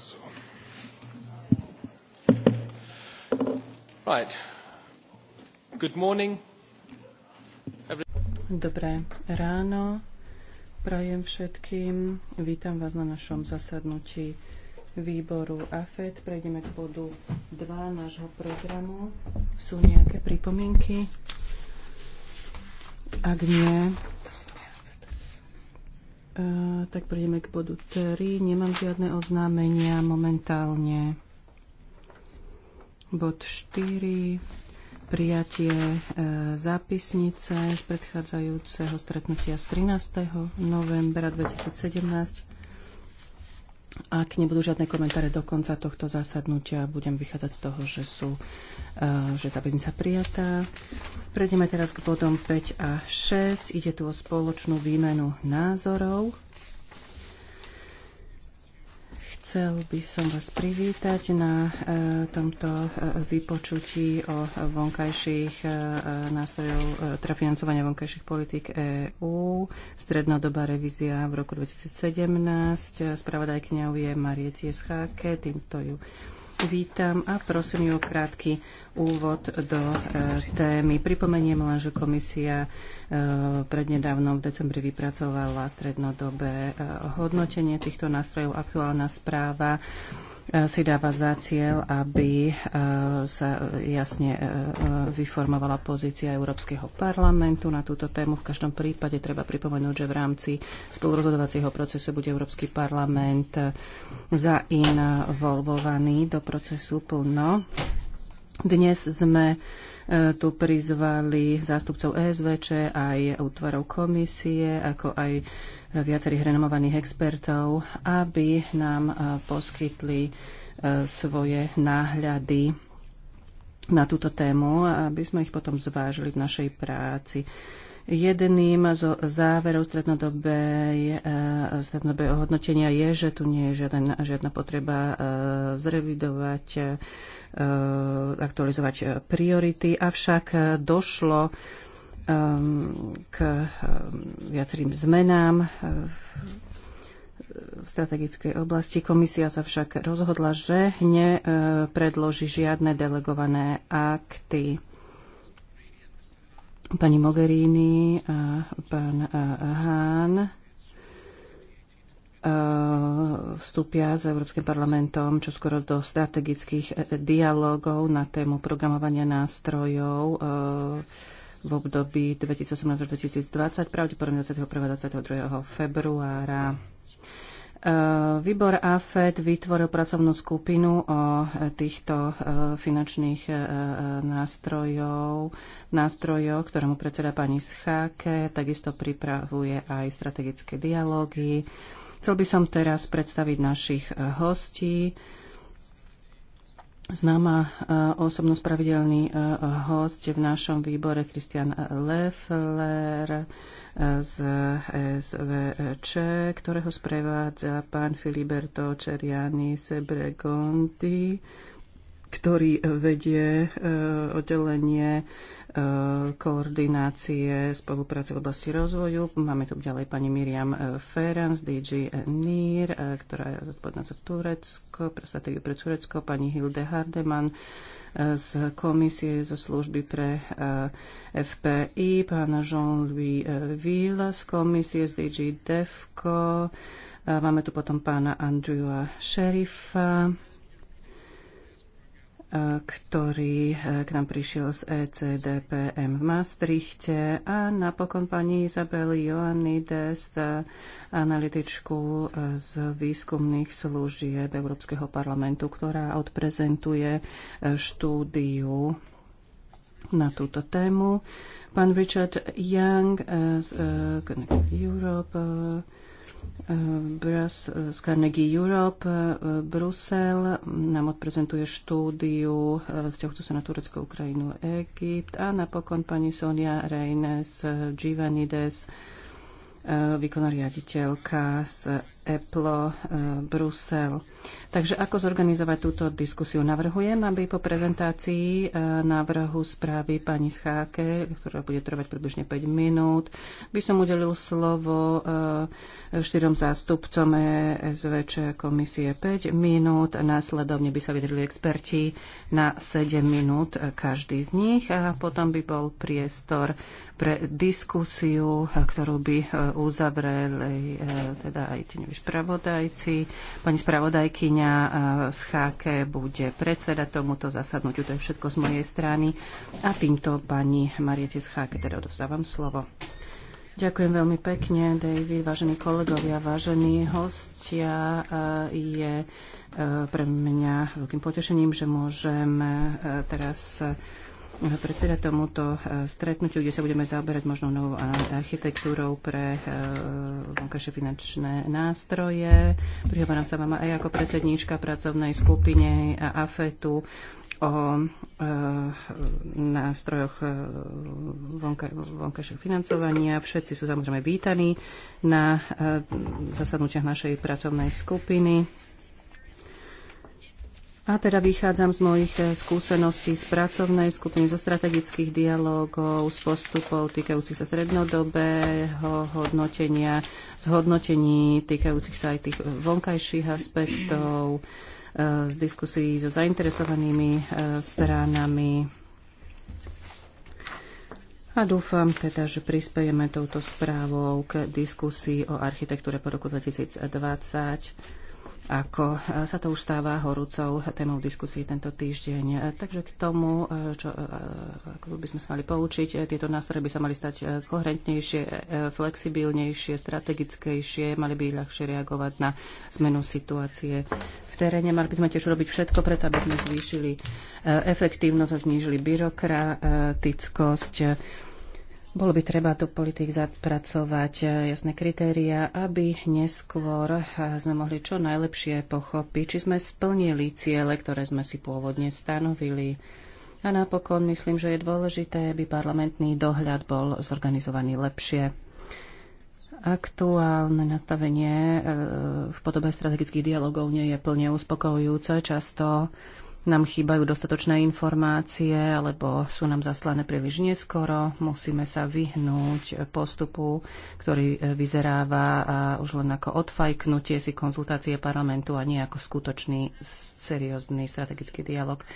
So. Right. Good morning. Dobré ráno. Prajem všetkým. Vítam vás na našom zasadnutí výboru AFED. Prejdeme k bodu 2 nášho programu. Sú nejaké pripomienky? Ak nie, Eh, tak prejdeme k bodu 3. Nemám žiadne oznámenia momentálne. Bod 4. Prijatie eh, zápisnice z predchádzajúceho stretnutia z 13. novembra 2017. Ak nebudú žiadne komentáre do konca tohto zasadnutia, budem vychádzať z toho, že, sú, e, že tá beznica prijatá. Prejdeme teraz k bodom 5 a 6. Ide tu o spoločnú výmenu názorov. Chcel by som vás privítať na e, tomto e, vypočutí o vonkajších e, nástrojov, teda financovania vonkajších politík EÚ. Strednodobá revízia v roku 2017. Spravodajkňou je Marie Tieschake. týmto ju vítam a prosím ju o krátky úvod do e, témy. Pripomeniem len, že komisia e, prednedávno v decembri vypracovala strednodobé e, hodnotenie týchto nástrojov. Aktuálna správa Eh, si dáva za cieľ, aby eh, sa jasne eh, vyformovala pozícia Európskeho parlamentu na túto tému. V každom prípade treba pripomenúť, že v rámci spolurozhodovacieho procesu bude Európsky parlament zainvolvovaný do procesu plno. Dnes sme tu prizvali zástupcov ESVČ aj útvarov komisie, ako aj viacerých renomovaných expertov, aby nám e, poskytli e, svoje náhľady na túto tému, aby sme ich potom zvážili v našej práci. Jedným zo záverov strednodobé eh, hodnotenia je, že tu nie je žiadna, žiadna potreba eh, zrevidovať, eh, aktualizovať priority, avšak došlo k viacerým zmenám v strategickej oblasti. Komisia sa však rozhodla, že nepredloží žiadne delegované akty pani Mogherini a pán Hán vstúpia s Európskym parlamentom čoskoro do strategických e, dialogov na tému programovania nástrojov e, v období 2018-2020, pravdepodobne 21. 22. februára. Eh, výbor AFED vytvoril pracovnú skupinu o eh, týchto eh, finančných nástrojov, nástrojoch, ktorému predseda pani Scháke, takisto pripravuje aj strategické dialógy. Chcel by som teraz predstaviť našich hostí známa e, osobnosť pravidelný e, host v našom výbore Christian Leffler e, z SVČ, ktorého sprevádza pán Filiberto Ceriani Sebregonti, ktorý e, vedie e, oddelenie e, koordinácie spolupráce v oblasti rozvoju. Máme tu ďalej pani Miriam Feran z DG NIR, ktorá je zodpovedná za Turecko, pre stratégiu pre Turecko, pani Hilde Hardeman z komisie zo služby pre FPI, pána Jean-Louis Ville z komisie z DG DEFCO, máme tu potom pána Andrewa Šerifa, ktorý e, k nám prišiel z ECDPM v Maastrichte a napokon pani Izabeli Dest, analytičku e, z výskumných služieb Európskeho parlamentu, ktorá odprezentuje e, štúdiu na túto tému. Pán Richard Young z Connect Europe Bras z Carnegie Europe, e, Brusel. Nám odprezentuje štúdiu e, vzťahujúcu sa na Turecko, Ukrajinu, Egypt. A napokon pani Sonia Reines Givanides E, výkonná riaditeľka z EPLO e, Brusel. Takže ako zorganizovať túto diskusiu? Navrhujem, aby po prezentácii e, návrhu správy pani Scháke, ktorá bude trvať približne 5 minút, by som udelil slovo štyrom zástupcom SVČ komisie 5 minút a následovne by sa vydrili experti na 7 minút každý z nich a potom by bol priestor pre diskusiu, ktorú by uzavreli e, teda aj tieňoví spravodajci. Pani spravodajkyňa e, z HK bude predseda tomuto zasadnutiu. To je všetko z mojej strany. A týmto pani Mariete z HK teda odovzdávam slovo. Ďakujem veľmi pekne, David, vážení kolegovia, vážení hostia. E, je pre mňa veľkým potešením, že môžem teraz predseda tomuto e, stretnutiu, kde sa budeme zaoberať možno novou architektúrou pre e, vonkajšie finančné nástroje. Prihovorám sa vám aj ako predsedníčka pracovnej skupine AFETu o e, nástrojoch vonka, vonkajšieho financovania. Všetci sú samozrejme vítaní na zasadnutiach našej pracovnej skupiny. A teda vychádzam z mojich eh, skúseností z pracovnej skupiny, zo strategických dialogov, z postupov týkajúcich sa strednodobého hodnotenia, z hodnotení týkajúcich sa aj tých eh, vonkajších aspektov, eh, z diskusí so zainteresovanými stranami. A dúfam teda, že prispejeme touto správou k diskusii o architektúre po roku 2020 ako e, sa to už stáva horúcou témou diskusí tento týždeň. E, takže k tomu, e, čo, ako by sme sa mali poučiť, tieto nástroje by sa mali stať koherentnejšie, flexibilnejšie, strategickejšie, mali by ľahšie reagovať na zmenu situácie v teréne. Mali by sme tiež robiť všetko preto, aby sme zvýšili efektívnosť a znížili byrokratickosť bolo by treba do politik zapracovať eh, jasné kritéria, aby neskôr eh, sme mohli čo najlepšie pochopiť, či sme splnili ciele, ktoré sme si pôvodne stanovili. A napokon myslím, že je dôležité, aby parlamentný dohľad bol zorganizovaný lepšie. Aktuálne nastavenie eh, v podobe strategických dialogov nie je plne uspokojujúce. Často nám chýbajú dostatočné informácie alebo sú nám zaslané príliš neskoro. Musíme sa vyhnúť postupu, ktorý e, vyzeráva už len ako odfajknutie si konzultácie parlamentu a nie ako skutočný, seriózny strategický dialog. E,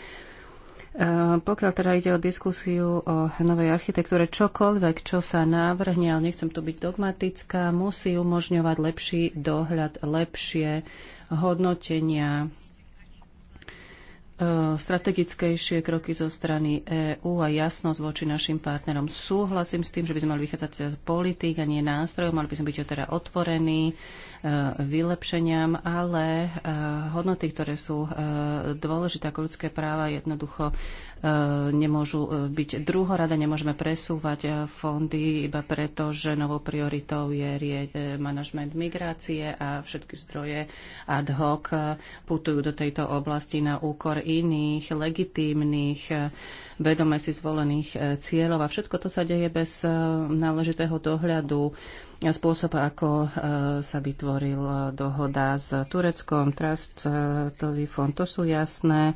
pokiaľ teda ide o diskusiu o novej architektúre, čokoľvek, čo sa navrhne, ale nechcem tu byť dogmatická, musí umožňovať lepší dohľad, lepšie hodnotenia Eh, strategickejšie kroky zo strany EÚ a jasnosť voči našim partnerom. Súhlasím s tým, že by sme mali vychádzať z politík a nie nástrojov, mali by sme byť teda otvorení eh, vylepšeniam, ale eh, hodnoty, ktoré sú dôležité ako ľudské práva, jednoducho E, nemôžu e, byť druhorada, nemôžeme presúvať e, fondy iba preto, že novou prioritou je manažment migrácie a všetky zdroje ad hoc putujú do tejto oblasti na úkor iných, legitímnych, vedome si zvolených cieľov a všetko to sa deje bez náležitého dohľadu spôsob, ako sa vytvoril dohoda s Tureckom, Trust, Tozy fond, to sú jasné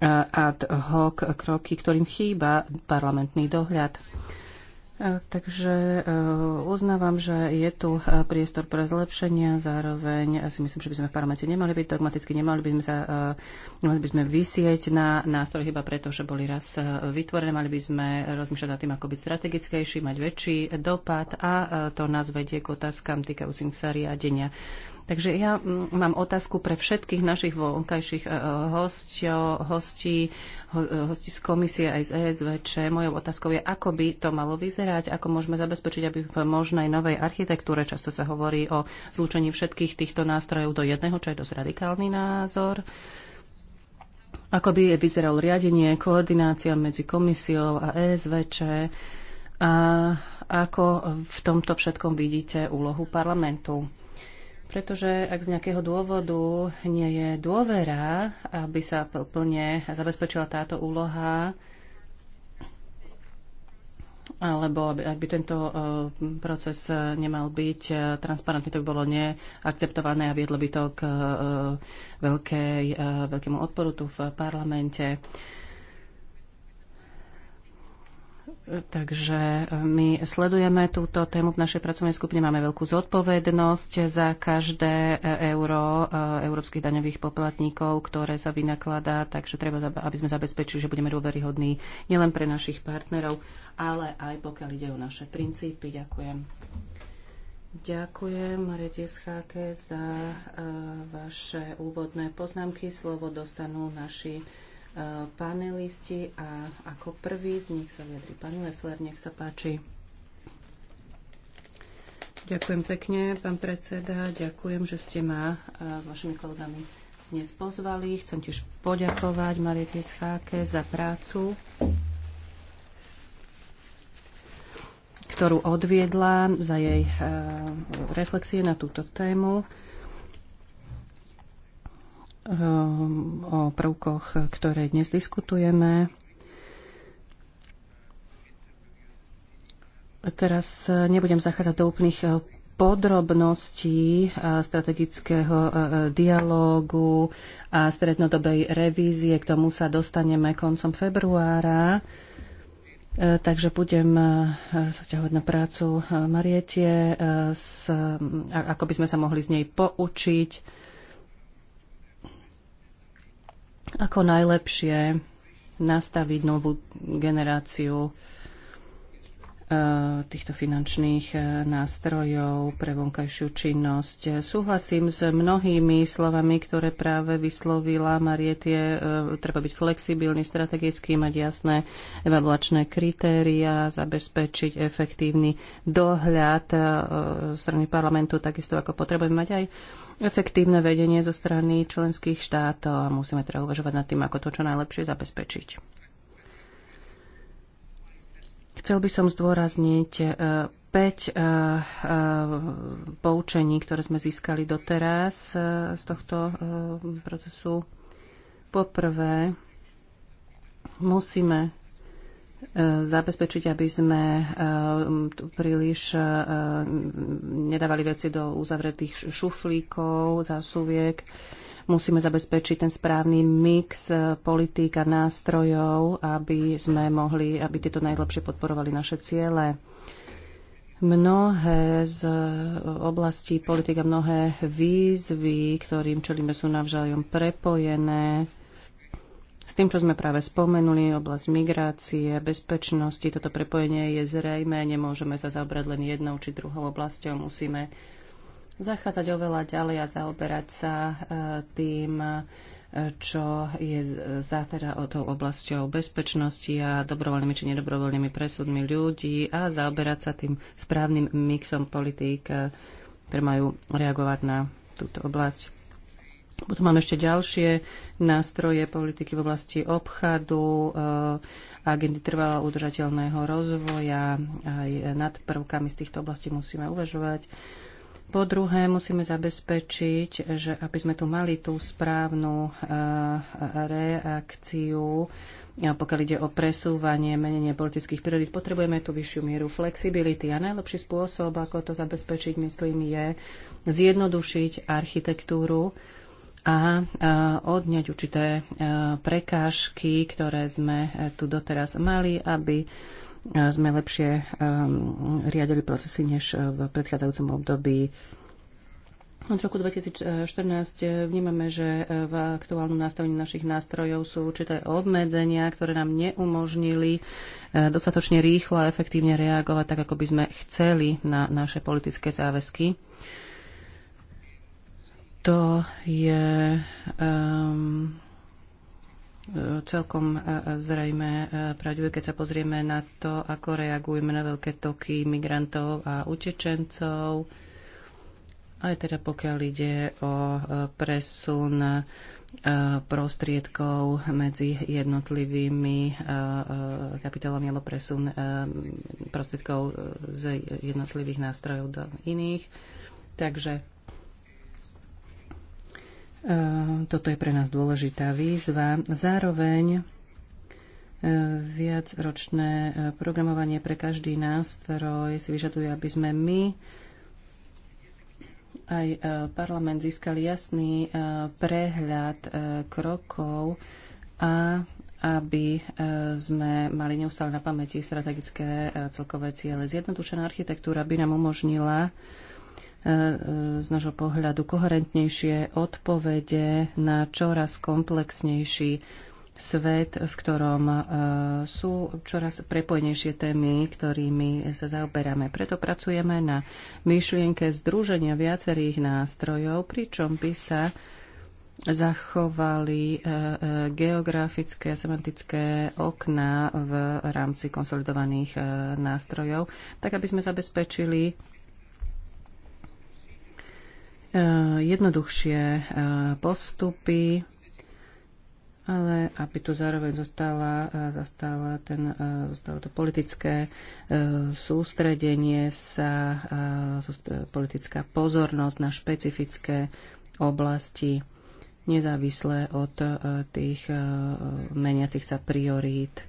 ad hoc kroky, ktorým chýba parlamentný dohľad. E, takže e, uznávam, že je tu e, priestor pre zlepšenia, zároveň si myslím, že by sme v parlamente nemali byť dogmaticky, nemali by sme, sa, mali by sme vysieť na nástroj iba preto, že boli raz vytvorené, mali by sme rozmýšľať nad tým, ako byť strategickejší, mať väčší dopad a to nás vedie k otázkam týkajúcim sa riadenia. Takže ja mm, mám otázku pre všetkých našich vonkajších e, e, hostio, hostí, e, hostí z komisie aj z ESVČ. Mojou otázkou je, ako by to malo vyzerať, ako môžeme zabezpečiť, aby v možnej novej architektúre, často sa hovorí o zlúčení všetkých týchto nástrojov do jedného, čo je dosť radikálny názor, ako by vyzeralo riadenie, koordinácia medzi komisiou a ESVČ a ako v tomto všetkom vidíte úlohu parlamentu pretože ak z nejakého dôvodu nie je dôvera, aby sa plne zabezpečila táto úloha, alebo aby, ak by tento e, proces e, nemal byť e, transparentný, to by bolo neakceptované a viedlo by to k veľkej, veľkému odporu tu v parlamente. Takže e, my sledujeme túto tému v našej pracovnej skupine, máme veľkú zodpovednosť za každé e, euro e, európskych daňových poplatníkov, ktoré sa vynakladá, takže treba, aby sme zabezpečili, že budeme dôveryhodní nielen pre našich partnerov, ale aj pokiaľ ide o naše princípy. Ďakujem. Ďakujem, Marete Scháke, za vaše úvodné poznámky. Slovo dostanú naši panelisti a ako prvý z nich sa vyjadri pán Lefler, nech sa páči. Ďakujem pekne, pán predseda. Ďakujem, že ste ma s vašimi kolegami dnes pozvali. Chcem tiež poďakovať Mariete Scháke za prácu, ktorú odviedla, za jej reflexie na túto tému. Eh, o prvkoch, ktoré dnes diskutujeme. Teraz eh, nebudem zachádzať do úplných eh, podrobností strategického dialógu a strednodobej revízie. K tomu sa dostaneme koncom februára. Takže budem zaťahovať na prácu Marietie, mm, ako by sme sa mohli z nej poučiť ako najlepšie nastaviť novú generáciu Eh, týchto finančných eh, nástrojov pre vonkajšiu činnosť. Súhlasím s mnohými slovami, ktoré práve vyslovila Marietie. Eh, treba byť flexibilný, strategický, mať jasné evaluačné kritéria, zabezpečiť efektívny dohľad strany parlamentu, takisto ako potrebujeme mať aj efektívne vedenie zo strany členských štátov a musíme teda uvažovať nad tým, ako to čo najlepšie zabezpečiť. Chcel by som zdôrazniť 5 e, e, e, poučení, ktoré sme získali doteraz z tohto procesu. Poprvé, musíme zabezpečiť, aby sme príliš nedávali veci do uzavretých šuflíkov, zásuviek. Musíme zabezpečiť ten správny mix e, politík a nástrojov, aby sme mohli, aby tieto najlepšie podporovali naše ciele. Mnohé z e, oblastí politik a mnohé výzvy, ktorým čelíme, sú navzájom prepojené. S tým, čo sme práve spomenuli, oblasť migrácie, bezpečnosti, toto prepojenie je zrejme, nemôžeme sa zaobrať len jednou či druhou oblasťou, musíme zachádzať oveľa ďalej a zaoberať sa e, tým, e, čo je za teda o tou oblasťou bezpečnosti a dobrovoľnými či nedobrovoľnými presudmi ľudí a zaoberať sa tým správnym mixom politík, e, ktoré majú reagovať na túto oblasť. Potom máme ešte ďalšie nástroje politiky v oblasti obchadu, agendy trvalo udržateľného rozvoja. Aj nad prvkami z týchto oblastí musíme uvažovať. Po druhé, musíme zabezpečiť, že aby sme tu mali tú správnu eh, reakciu, pokiaľ ide o presúvanie, menenie politických priorít, potrebujeme tú vyššiu mieru flexibility. A najlepší spôsob, ako to zabezpečiť, myslím, je zjednodušiť architektúru a eh, odňať určité eh, prekážky, ktoré sme tu doteraz mali, aby sme lepšie ehm, riadili procesy než eh, v predchádzajúcom období. Od roku 2014 eh, vnímame, že eh, v aktuálnom nastavení našich nástrojov sú určité obmedzenia, ktoré nám neumožnili dostatočne rýchlo a efektívne reagovať tak, ako by sme chceli na naše politické záväzky. To je um, celkom e, e, zrejme e, pravdivé, keď sa pozrieme na to, ako reagujeme na veľké toky migrantov a utečencov. Aj teda pokiaľ ide o presun prostriedkov medzi jednotlivými kapitolami alebo presun prostriedkov z jednotlivých nástrojov do iných. Takže E, toto je pre nás dôležitá výzva. Zároveň e, viacročné e, programovanie pre každý nástroj si vyžaduje, aby sme my aj parlament získali jasný prehľad krokov a aby sme mali neustále na pamäti strategické celkové ciele. Zjednodušená architektúra by nám umožnila z nášho pohľadu koherentnejšie odpovede na čoraz komplexnejší svet, v ktorom e, sú čoraz prepojnejšie témy, ktorými sa zaoberáme. Preto pracujeme na myšlienke združenia viacerých nástrojov, pričom by sa zachovali e, e, geografické a semantické okná v rámci konsolidovaných nástrojov, tak aby sme zabezpečili Eh, jednoduchšie eh, postupy, ale aby tu zároveň zostala, eh, zostala ten, zostalo to politické sústredenie sa, politická pozornosť na špecifické oblasti, nezávisle od tých meniacich sa priorít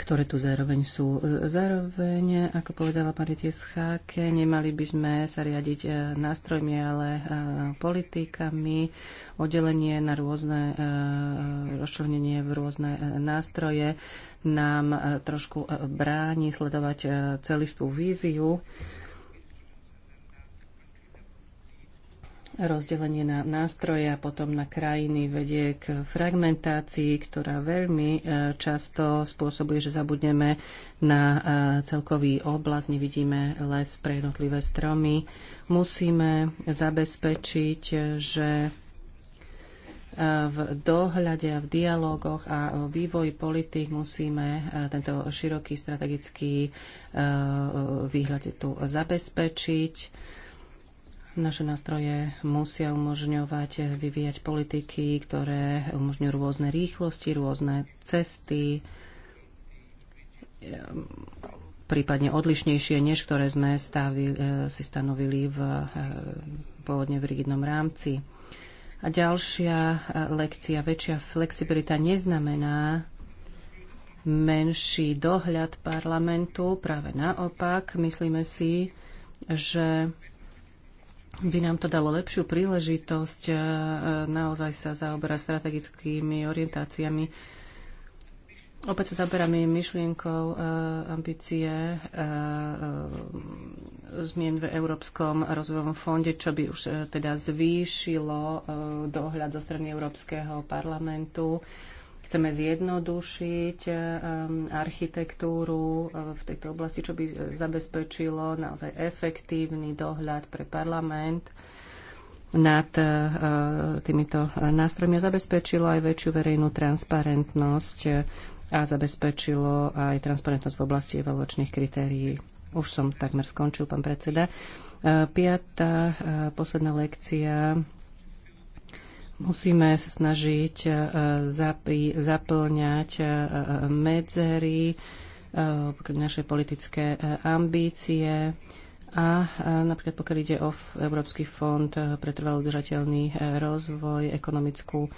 ktoré tu zároveň sú. Zároveň, ako povedala pani Tieschake, nemali by sme sa riadiť e, nástrojmi, ale e, politikami, oddelenie na rôzne, e, rozčlenenie v rôzne nástroje nám trošku bráni sledovať celistvú víziu rozdelenie na nástroje a potom na krajiny vedie k fragmentácii, ktorá veľmi e, často spôsobuje, že zabudneme na e, celkový oblasť, nevidíme les pre jednotlivé stromy. Musíme zabezpečiť, že e, v dohľade a v dialogoch a vývoji politik musíme tento široký strategický výhľad tu zabezpečiť naše nástroje musia umožňovať vyvíjať politiky, ktoré umožňujú rôzne rýchlosti, rôzne cesty, prípadne odlišnejšie, než ktoré sme stavili, e, si stanovili v, e, pôvodne v rigidnom rámci. A ďalšia e, lekcia, väčšia flexibilita neznamená menší dohľad parlamentu, práve naopak, myslíme si, že by nám to dalo lepšiu príležitosť e, e, naozaj sa zaoberať strategickými orientáciami. Opäť sa zaberáme myšlienkou e, ambície zmien v Európskom rozvojovom fonde, čo by už teda zvýšilo dohľad zo strany Európskeho parlamentu Chceme zjednodušiť eh, architektúru eh, v tejto oblasti, čo by eh, zabezpečilo naozaj efektívny dohľad pre parlament nad týmito nástrojmi a zabezpečilo aj väčšiu verejnú transparentnosť a zabezpečilo aj transparentnosť v oblasti evaluačných kritérií. Už som takmer skončil, pán predseda. Piatá posledná lekcia Musíme sa snažiť e, zapí, zaplňať e, e, medzery, naše politické ambície a napríklad pokiaľ ide o Európsky fond pre trvalo udržateľný rozvoj, ekonomickú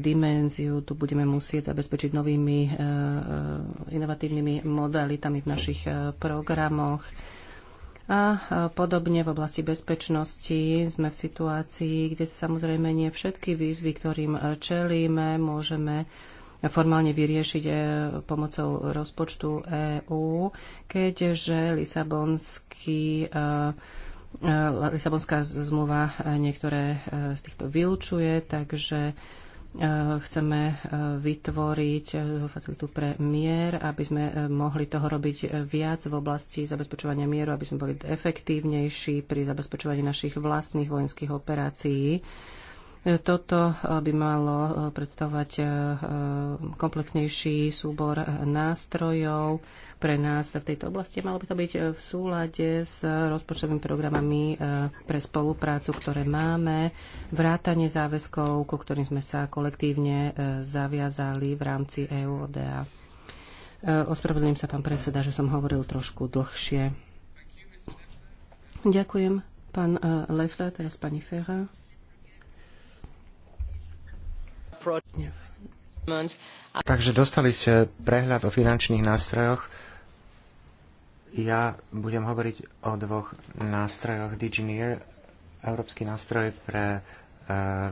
dimenziu, tu budeme musieť zabezpečiť novými inovatívnymi modalitami v našich programoch a podobne v oblasti bezpečnosti sme v situácii, kde samozrejme nie všetky výzvy, ktorým e, čelíme, môžeme formálne vyriešiť e, pomocou rozpočtu EÚ, keďže Lisabonský e, Lisabonská zmluva niektoré z týchto vylčuje, takže Eh, chceme eh, vytvoriť eh, facilitu pre mier, aby sme mohli toho robiť viac v oblasti zabezpečovania mieru, aby sme boli efektívnejší pri zabezpečovaní našich vlastných vojenských operácií toto eh, by malo eh, predstavovať eh, komplexnejší súbor nástrojov pre nás v tejto oblasti. Malo by to byť v súlade s rozpočtovými programami pre spoluprácu, ktoré máme, vrátanie záväzkov, ku ktorým sme sa kolektívne zaviazali v rámci EUODA. ODA. Ospravedlňujem sa, pán predseda, že som hovoril trošku dlhšie. Ďakujem, pán Lefler, teraz pani Ferra. Takže dostali ste prehľad o finančných nástrojoch. Ja budem hovoriť o dvoch nástrojoch. Digineer, európsky nástroj pre... Uh,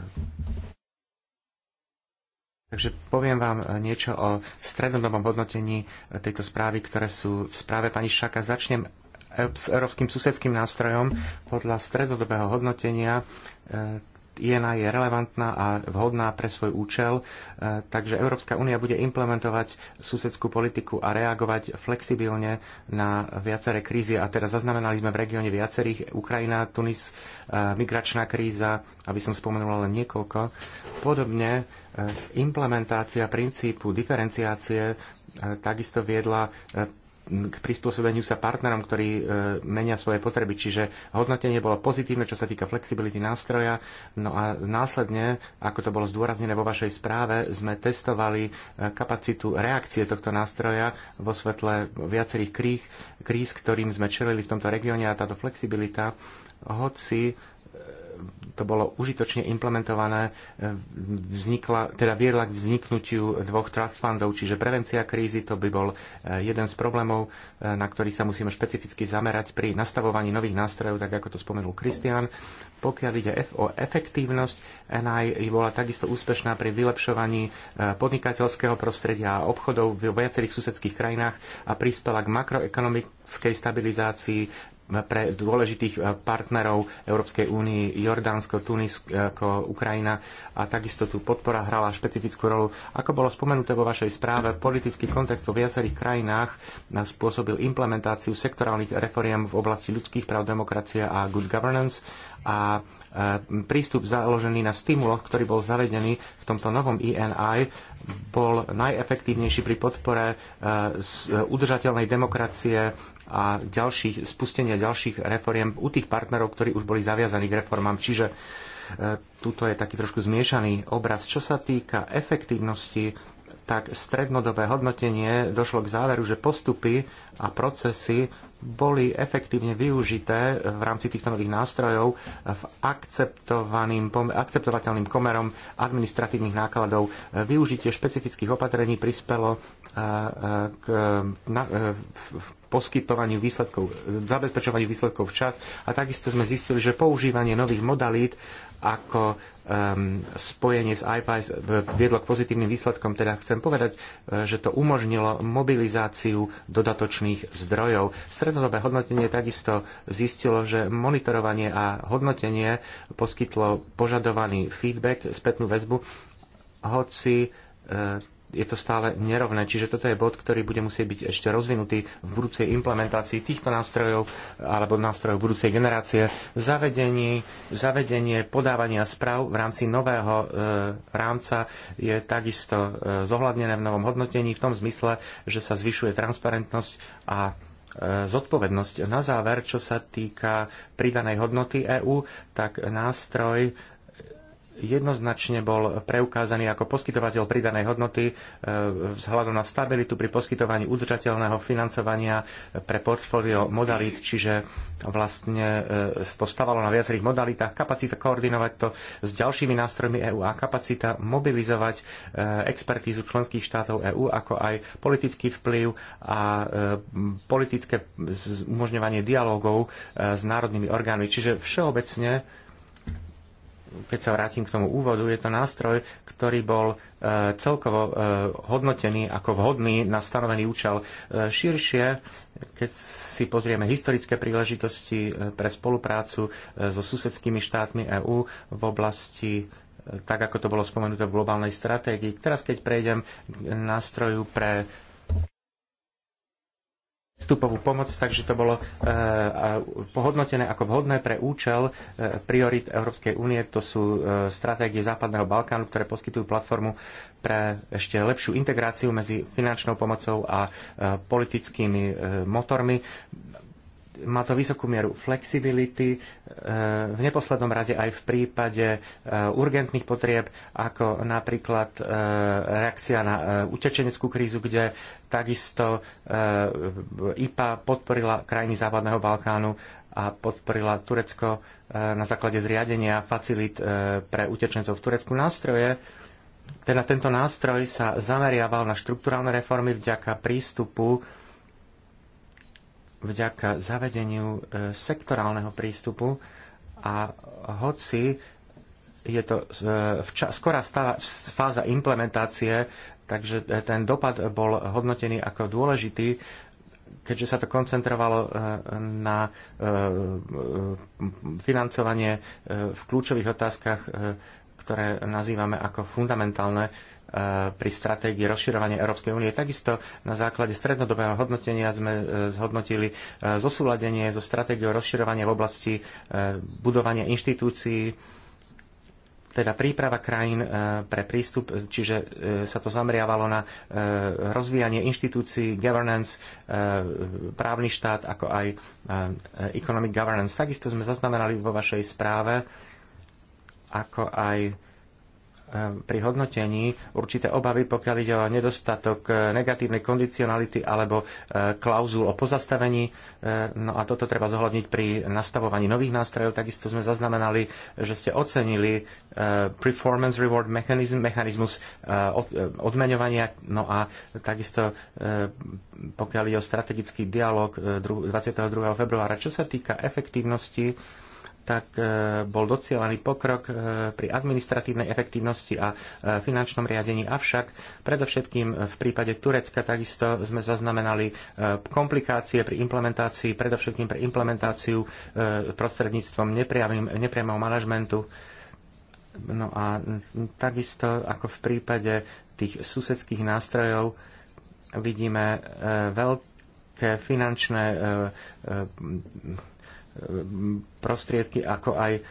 takže poviem vám niečo o strednodobom hodnotení tejto správy, ktoré sú v správe pani Šaka. Začnem s európskym susedským nástrojom. Podľa strednodobého hodnotenia uh, INA je relevantná a vhodná pre svoj účel, e, takže Európska únia bude implementovať susedskú politiku a reagovať flexibilne na viaceré krízy. A teda zaznamenali sme v regióne viacerých Ukrajina, Tunis, e, migračná kríza, aby som spomenula len niekoľko. Podobne e, implementácia princípu diferenciácie takisto viedla k prispôsobeniu sa partnerom, ktorí e, menia svoje potreby. Čiže hodnotenie bolo pozitívne, čo sa týka flexibility nástroja. No a následne, ako to bolo zdôraznené vo vašej správe, sme testovali e, kapacitu reakcie tohto nástroja vo svetle viacerých kríz, kríz, ktorým sme čelili v tomto regióne a táto flexibilita, hoci to bolo užitočne implementované, e, vznikla, teda viedla k vzniknutiu dvoch trust fundov, čiže prevencia krízy, to by bol e, jeden z problémov, e, na ktorý sa musíme špecificky zamerať pri nastavovaní nových nástrojov, tak ako to spomenul Kristian. Pokiaľ ide o efektívnosť, NI bola takisto úspešná pri vylepšovaní podnikateľského prostredia a obchodov v viacerých susedských krajinách a prispela k makroekonomickej stabilizácii pre dôležitých eh, partnerov Európskej únii, Jordánsko, Tunisko, eh, Ukrajina a takisto tu podpora hrala špecifickú rolu. Ako bolo spomenuté vo vašej správe, politický kontext vo viacerých krajinách spôsobil implementáciu sektorálnych reforiem v oblasti ľudských práv, demokracie a good governance a eh, prístup založený na stimuloch, ktorý bol zavedený v tomto novom INI, bol najefektívnejší pri podpore udržateľnej demokracie, a ďalších, spustenia ďalších reforiem u tých partnerov, ktorí už boli zaviazaní k reformám. Čiže e, tuto je taký trošku zmiešaný obraz. Čo sa týka efektívnosti, tak strednodobé hodnotenie došlo k záveru, že postupy a procesy boli efektívne využité v rámci týchto nových nástrojov v akceptovaným, akceptovateľným komerom administratívnych nákladov. Využitie špecifických opatrení prispelo e, e, k, na, poskytovaniu výsledkov, zabezpečovaniu výsledkov včas a takisto sme zistili, že používanie nových modalít ako um, spojenie s iPads viedlo k pozitívnym výsledkom. Teda chcem povedať, e, že to umožnilo mobilizáciu dodatočných zdrojov. Strednodobé hodnotenie takisto zistilo, že monitorovanie a hodnotenie poskytlo požadovaný feedback, spätnú väzbu, hoci e, je to stále nerovné. Čiže toto je bod, ktorý bude musieť byť ešte rozvinutý v budúcej implementácii týchto nástrojov alebo nástrojov budúcej generácie. Zavedenie, zavedenie podávania správ v rámci nového e, rámca je takisto e, zohľadnené v novom hodnotení v tom zmysle, že sa zvyšuje transparentnosť a e, zodpovednosť. Na záver, čo sa týka pridanej hodnoty EÚ, tak nástroj jednoznačne bol preukázaný ako poskytovateľ pridanej hodnoty vzhľadom e, na stabilitu pri poskytovaní udržateľného financovania pre portfólio modalít, čiže vlastne e, to stavalo na viacerých modalitách, kapacita koordinovať to s ďalšími nástrojmi EÚ a kapacita mobilizovať e, expertízu členských štátov EÚ, ako aj politický vplyv a politické umožňovanie dialogov s národnými orgánmi. Čiže všeobecne keď sa vrátim k tomu úvodu, je to nástroj, ktorý bol e, celkovo e, hodnotený ako vhodný na stanovený účel. E, širšie, keď si pozrieme historické príležitosti pre spoluprácu so susedskými štátmi EÚ v oblasti tak ako to bolo spomenuté v globálnej stratégii. Teraz, keď prejdem k nástroju pre vstupovú pomoc, takže to bolo eh, eh, pohodnotené ako vhodné pre účel eh, priorit Európskej únie. To sú stratégie Západného Balkánu, ktoré poskytujú platformu pre ešte lepšiu integráciu medzi finančnou pomocou a politickými motormi má to vysokú mieru flexibility, e, v neposlednom rade aj v prípade e, urgentných potrieb, ako napríklad e, reakcia na utečeneckú krízu, kde takisto IPA podporila krajiny Západného Balkánu a podporila Turecko na základe zriadenia facilit pre utečencov v Turecku nástroje. Teda tento nástroj sa zameriaval na štruktúrálne reformy vďaka prístupu vďaka zavedeniu e, sektorálneho prístupu a hoci je to e, skorá fáza implementácie, takže e, ten dopad bol hodnotený ako dôležitý, keďže sa to koncentrovalo na financovanie v kľúčových otázkach, ktoré nazývame ako fundamentálne Eh, pri stratégii rozširovania Európskej únie. Takisto na základe strednodobého hodnotenia sme eh, zhodnotili eh, zosúladenie so stratégiou rozširovania v oblasti budovania inštitúcií teda príprava krajín pre prístup, čiže sa to zameriavalo na rozvíjanie inštitúcií, governance, právny štát, ako aj economic governance. Takisto sme zaznamenali vo vašej správe, ako aj Ehm, pri hodnotení určité obavy, pokiaľ ide o nedostatok e, negatívnej kondicionality alebo e, klauzul o pozastavení. E, no a toto treba zohľadniť pri nastavovaní nových nástrojov. Takisto sme zaznamenali, že ste ocenili performance reward mechanism, mechanizmus odmeňovania. No a takisto pokiaľ ide o strategický dialog 22. februára. Čo sa týka efektívnosti, tak e, bol docielaný pokrok e, pri administratívnej efektívnosti a e, finančnom riadení. Avšak predovšetkým v prípade Turecka takisto sme zaznamenali komplikácie pri implementácii, predovšetkým pre implementáciu prostredníctvom nepriamého manažmentu. No a takisto ako v prípade tých susedských nástrojov vidíme veľké finančné prostriedky, ako aj e, e,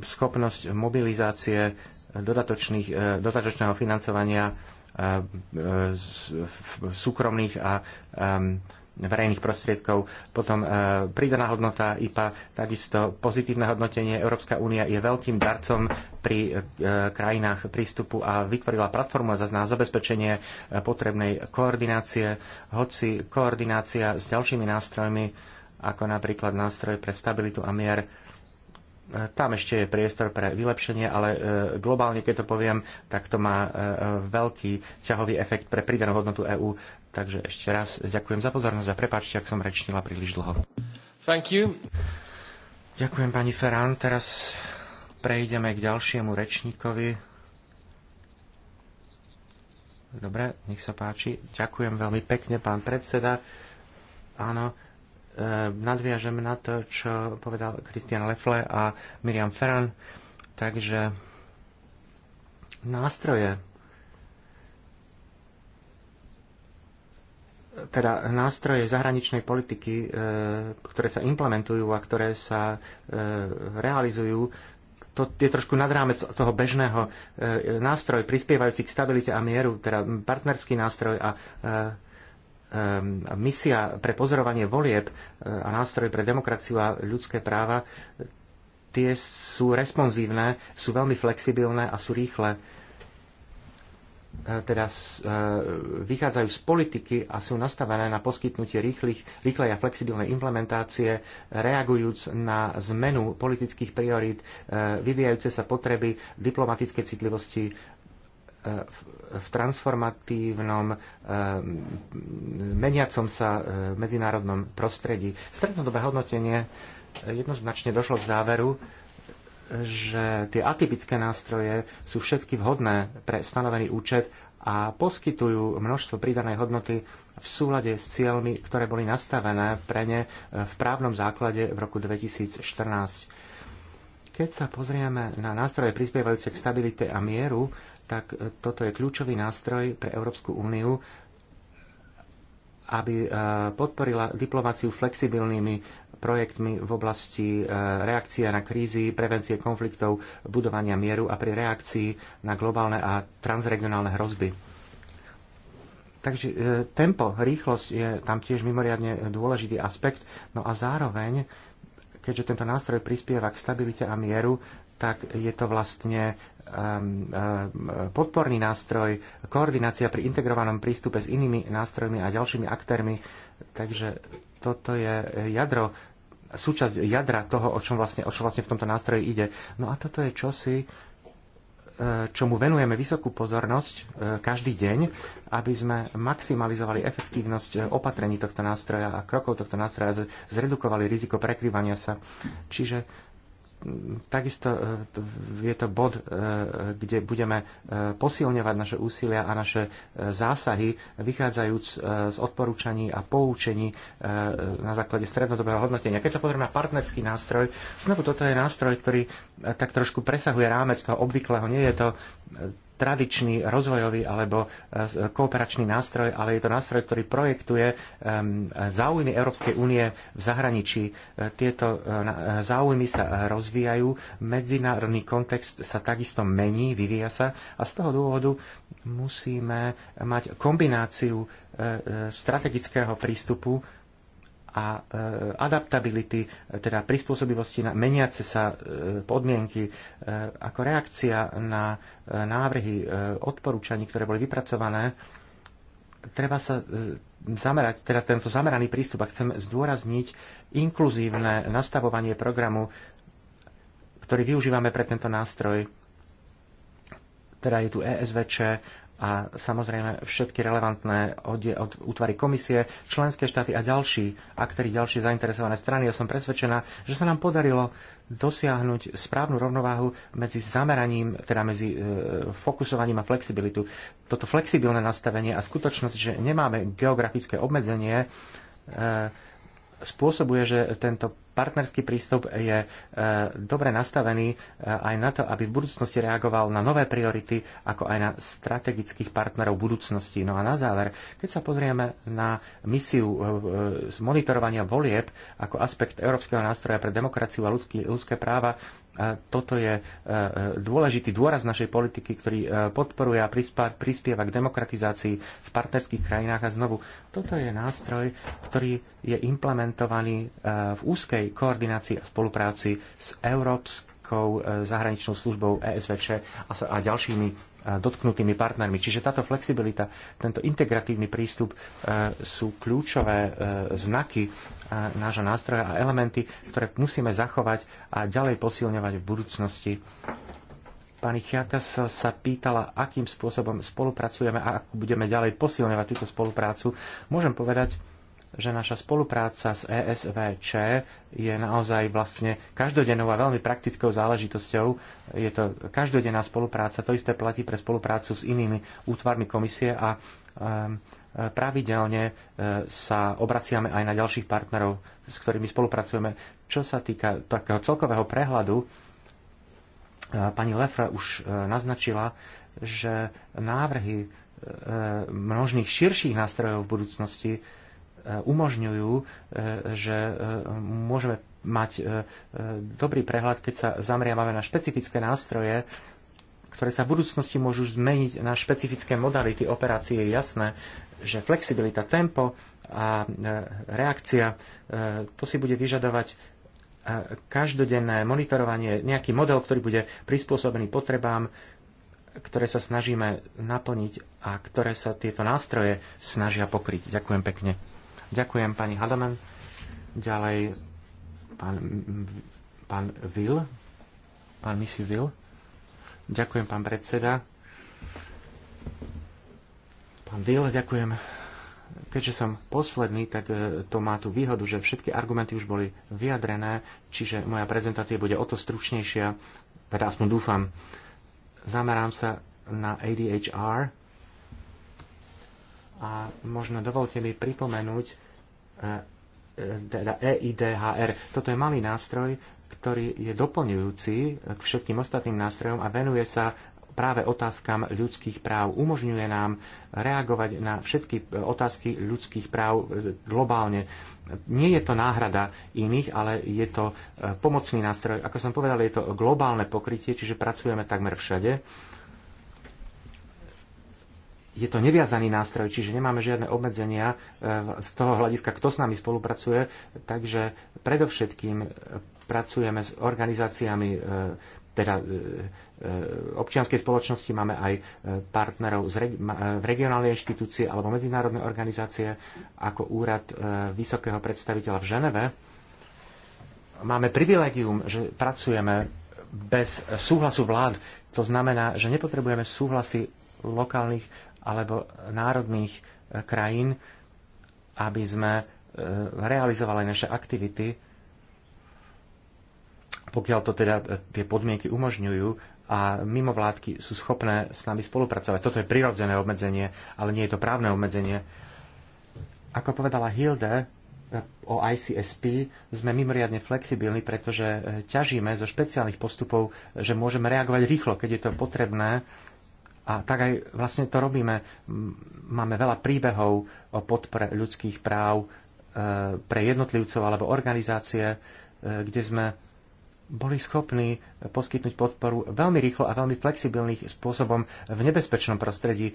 schopnosť mobilizácie e, dodatočného financovania súkromných a verejných prostriedkov. Potom e, pridaná hodnota IPA, takisto pozitívne hodnotenie. Európska únia je veľkým darcom pri e, krajinách prístupu a vytvorila platformu na zabezpečenie e, potrebnej koordinácie, hoci koordinácia s ďalšími nástrojmi, ako napríklad nástroj pre stabilitu a mier, tam ešte je priestor pre vylepšenie, ale globálne, keď to poviem, tak to má veľký ťahový efekt pre pridanú hodnotu EÚ Takže ešte raz ďakujem za pozornosť a prepáčte, ak som rečnila príliš dlho. Thank you. Ďakujem pani Ferran. Teraz prejdeme k ďalšiemu rečníkovi. Dobre, nech sa páči. Ďakujem veľmi pekne, pán predseda. Áno, e, nadviažem na to, čo povedal Kristian Lefle a Miriam Ferran. Takže nástroje, teda nástroje zahraničnej politiky, e, ktoré sa implementujú a ktoré sa e, realizujú, to je trošku nad rámec toho bežného e, nástroj prispievajúci k stabilite a mieru, teda partnerský nástroj a misia pre pozorovanie volieb a nástroj pre demokraciu a ľudské práva, tie sú responsívne, sú veľmi flexibilné a sú rýchle teda vychádzajú z politiky a sú nastavené na poskytnutie rýchlych, rýchlej a flexibilnej implementácie, reagujúc na zmenu politických priorít, e, vyvíjajúce sa potreby diplomatickej citlivosti v transformatívnom, meniacom sa medzinárodnom prostredí. Strednodobé hodnotenie jednoznačne došlo k záveru, že tie atypické nástroje sú všetky vhodné pre stanovený účet a poskytujú množstvo pridanej hodnoty v súlade s cieľmi, ktoré boli nastavené pre ne v právnom základe v roku 2014. Keď sa pozrieme na nástroje prispievajúce k stabilite a mieru, tak toto je kľúčový nástroj pre Európsku úniu, aby eh, podporila diplomáciu flexibilnými eh, projektmi v oblasti e, reakcia na krízy, prevencie konfliktov, budovania mieru a pri reakcii na globálne a transregionálne hrozby. Takže e, tempo, rýchlosť je tam tiež mimoriadne dôležitý aspekt. No a zároveň, keďže tento nástroj prispieva k stabilite a mieru, tak je to vlastne podporný nástroj, koordinácia pri integrovanom prístupe s inými nástrojmi a ďalšími aktérmi. Takže toto je jadro súčasť jadra toho, o čom vlastne, o vlastne v tomto nástroji ide. No a toto je čosi, e, čomu venujeme vysokú pozornosť e, každý deň, aby sme maximalizovali efektívnosť e, opatrení tohto nástroja a krokov tohto nástroja, zredukovali riziko prekrývania sa. Čiže takisto e, je to bod, e, kde budeme e, posilňovať naše úsilia a naše zásahy, vychádzajúc z odporúčaní a poučení na základe strednodobého hodnotenia. Keď sa pozrieme na partnerský nástroj, znovu toto je nástroj, ktorý tak trošku presahuje rámec toho obvyklého. Nie je to tradičný rozvojový alebo e, e, kooperačný nástroj, ale je to nástroj, ktorý projektuje záujmy Európskej únie v zahraničí. E, tieto záujmy sa rozvíjajú, medzinárodný kontext sa takisto mení, vyvíja sa a z toho dôvodu musíme mať kombináciu strategického prístupu a e, adaptability, e, teda prispôsobivosti na meniace sa e, podmienky ako reakcia na návrhy odporúčaní, ktoré boli vypracované, treba sa zamerať, teda tento zameraný prístup a chcem zdôrazniť inkluzívne nastavovanie programu, ktorý využívame pre tento nástroj. Teda je tu ESVČ a samozrejme všetky relevantné útvary komisie, členské štáty a ďalší aktéry, ďalšie zainteresované strany. Ja som presvedčená, že sa nám podarilo dosiahnuť správnu rovnováhu medzi zameraním, teda medzi e, fokusovaním a flexibilitu. Toto flexibilné nastavenie a skutočnosť, že nemáme geografické obmedzenie, e, spôsobuje, že tento partnerský prístup je e, dobre nastavený e, aj na to, aby v budúcnosti reagoval na nové priority, ako aj na strategických partnerov budúcnosti. No a na záver, keď sa pozrieme na misiu e, z monitorovania volieb ako aspekt Európskeho nástroja pre demokraciu a ľudský, ľudské práva, toto je dôležitý dôraz našej politiky, ktorý podporuje a prispieva k demokratizácii v partnerských krajinách. A znovu, toto je nástroj, ktorý je implementovaný v úzkej tej koordinácii a spolupráci s Európskou e, zahraničnou službou ESVČ a, sa, a ďalšími e, dotknutými partnermi. Čiže táto flexibilita, tento integratívny prístup e, sú kľúčové znaky nášho nástroja a elementy, ktoré musíme zachovať a ďalej posilňovať v budúcnosti. Pani Chiakas sa pýtala, akým spôsobom spolupracujeme a ako budeme ďalej posilňovať túto spoluprácu. Môžem povedať, že naša spolupráca s ESVČ je naozaj vlastne každodennou a veľmi praktickou záležitosťou. Je to každodenná spolupráca, to isté platí pre spoluprácu s inými útvarmi komisie a ehm, pravidelne e, sa obraciame aj na ďalších partnerov, s ktorými spolupracujeme. Čo sa týka takého celkového prehľadu, e, pani Lefra už e, naznačila, že návrhy množných širších nástrojov v budúcnosti umožňujú, e, že e, môžeme mať e, dobrý prehľad, keď sa zameriavame na špecifické nástroje, ktoré sa v budúcnosti môžu zmeniť na špecifické modality operácie. Je jasné, že flexibilita, tempo a reakcia, to si bude vyžadovať každodenné monitorovanie, nejaký model, ktorý bude prispôsobený potrebám, ktoré sa snažíme naplniť a ktoré sa tieto nástroje snažia pokryť. Ďakujem pekne. Ďakujem pani Hadaman. Ďalej pán, pán Vil, pán misi Vil. Ďakujem pán predseda. Pán Vil, ďakujem. Keďže som posledný, tak e, to má tú výhodu, že všetky argumenty už boli vyjadrené, čiže moja prezentácia bude o to stručnejšia, teda aspoň dúfam. Zamerám sa na ADHR, a možno dovolte mi pripomenúť EIDHR. E, teda e Toto je malý nástroj, ktorý je doplňujúci k všetkým ostatným nástrojom a venuje sa práve otázkam ľudských práv. Umožňuje nám reagovať na všetky otázky ľudských práv e, globálne. Nie je to náhrada iných, ale je to pomocný nástroj. Ako som povedal, je to globálne pokrytie, čiže pracujeme takmer všade je to neviazaný nástroj, čiže nemáme žiadne obmedzenia e, z toho hľadiska, kto s nami spolupracuje. Takže predovšetkým pracujeme s organizáciami e, teda e, občianskej spoločnosti, máme aj partnerov z regionálnej inštitúcie alebo medzinárodné organizácie ako úrad vysokého predstaviteľa v Ženeve. Máme privilegium, že pracujeme bez súhlasu vlád. To znamená, že nepotrebujeme súhlasy lokálnych alebo národných e, krajín, aby sme e, realizovali naše aktivity, pokiaľ to teda e, tie podmienky umožňujú a mimovládky sú schopné s nami spolupracovať. Toto je prirodzené obmedzenie, ale nie je to právne obmedzenie. Ako povedala Hilde o ICSP, sme mimoriadne flexibilní, pretože ťažíme zo špeciálnych postupov, že môžeme reagovať rýchlo, keď je to potrebné a tak aj vlastne to robíme. Máme veľa príbehov o podpore ľudských práv e, pre jednotlivcov alebo organizácie, e, kde sme boli schopní poskytnúť podporu veľmi rýchlo a veľmi flexibilným spôsobom v nebezpečnom prostredí.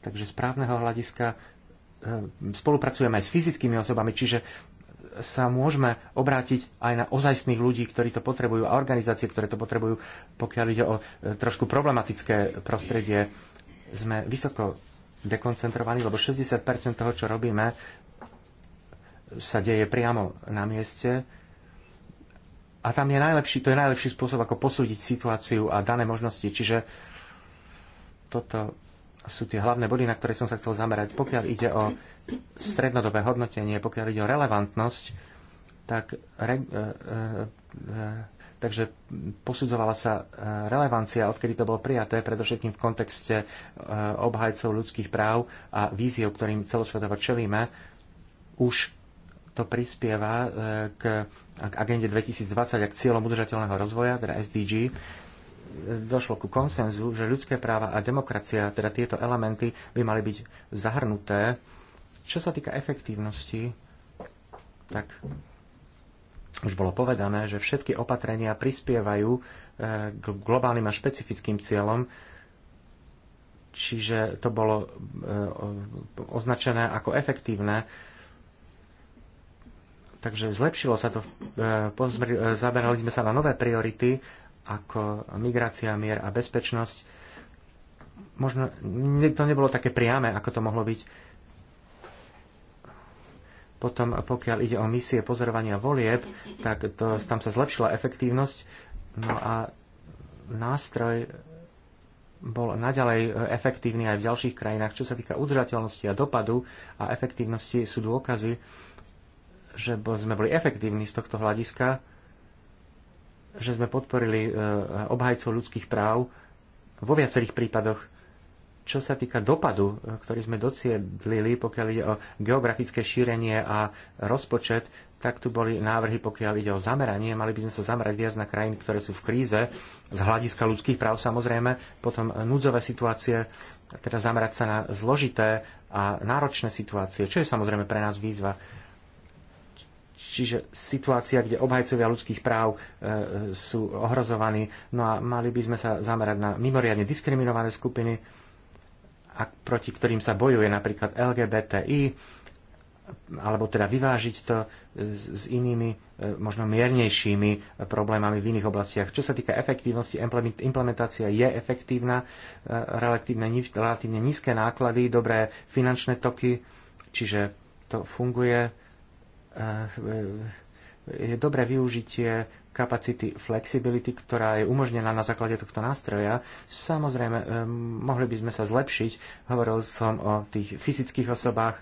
Takže z právneho hľadiska e, spolupracujeme aj s fyzickými osobami, čiže sa môžeme obrátiť aj na ozajstných ľudí, ktorí to potrebujú a organizácie, ktoré to potrebujú, pokiaľ ide o e, trošku problematické prostredie. Sme vysoko dekoncentrovaní, lebo 60% toho, čo robíme, sa deje priamo na mieste. A tam je najlepší, to je najlepší spôsob, ako posúdiť situáciu a dané možnosti. Čiže toto sú tie hlavné body, na ktoré som sa chcel zamerať. Pokiaľ ide o strednodobé hodnotenie, pokiaľ ide o relevantnosť, tak, re, e, e, e, takže posudzovala sa e, relevancia, odkedy to bolo prijaté, predovšetkým v kontexte e, obhajcov ľudských práv a víziev, ktorým celosvetovo čelíme, už to prispieva e, k, k agende 2020 a k cieľom udržateľného rozvoja, teda SDG došlo ku konsenzu, že ľudské práva a demokracia, teda tieto elementy by mali byť zahrnuté. Čo sa týka efektívnosti, tak už bolo povedané, že všetky opatrenia prispievajú e, k globálnym a špecifickým cieľom, čiže to bolo e, označené ako efektívne. Takže zlepšilo sa to, e, zaberali sme sa na nové priority ako migrácia, mier a bezpečnosť. Možno to nebolo také priame, ako to mohlo byť. Potom, pokiaľ ide o misie pozorovania volieb, tak to, tam sa zlepšila efektívnosť. No a nástroj bol naďalej efektívny aj v ďalších krajinách. Čo sa týka udržateľnosti a dopadu a efektívnosti, sú dôkazy, že sme boli efektívni z tohto hľadiska že sme podporili e, obhajcov ľudských práv vo viacerých prípadoch. Čo sa týka dopadu, e, ktorý sme docielili, pokiaľ ide o geografické šírenie a rozpočet, tak tu boli návrhy, pokiaľ ide o zameranie. Mali by sme sa zamerať viac na krajiny, ktoré sú v kríze, z hľadiska ľudských práv samozrejme, potom núdzové situácie, teda zamerať sa na zložité a náročné situácie, čo je samozrejme pre nás výzva. Čiže situácia, kde obhajcovia ľudských práv e, sú ohrozovaní. No a mali by sme sa zamerať na mimoriadne diskriminované skupiny, a proti ktorým sa bojuje napríklad LGBTI, alebo teda vyvážiť to s inými, e, možno miernejšími problémami v iných oblastiach. Čo sa týka efektívnosti, implementácia je efektívna, e, relatívne, relatívne nízke náklady, dobré finančné toky, čiže to funguje Eh, je dobré využitie kapacity flexibility, ktorá je umožnená na základe tohto nástroja. Samozrejme, eh, mohli by sme sa zlepšiť. Hovoril som o tých fyzických osobách.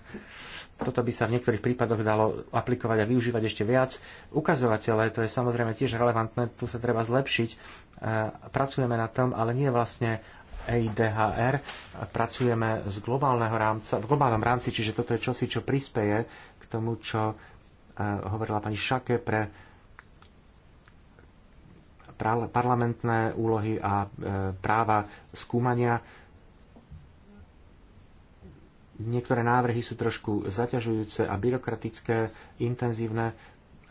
Toto by sa v niektorých prípadoch dalo aplikovať a využívať ešte viac. Ukazovatele, to je samozrejme tiež relevantné, tu sa treba zlepšiť. Eh, pracujeme na tom, ale nie vlastne EIDHR. Pracujeme z globálneho rámca, v globálnom rámci, čiže toto je čosi, čo prispeje k tomu, čo hovorila pani Šake pre parlamentné úlohy a e, práva skúmania. Niektoré návrhy sú trošku zaťažujúce a byrokratické, intenzívne,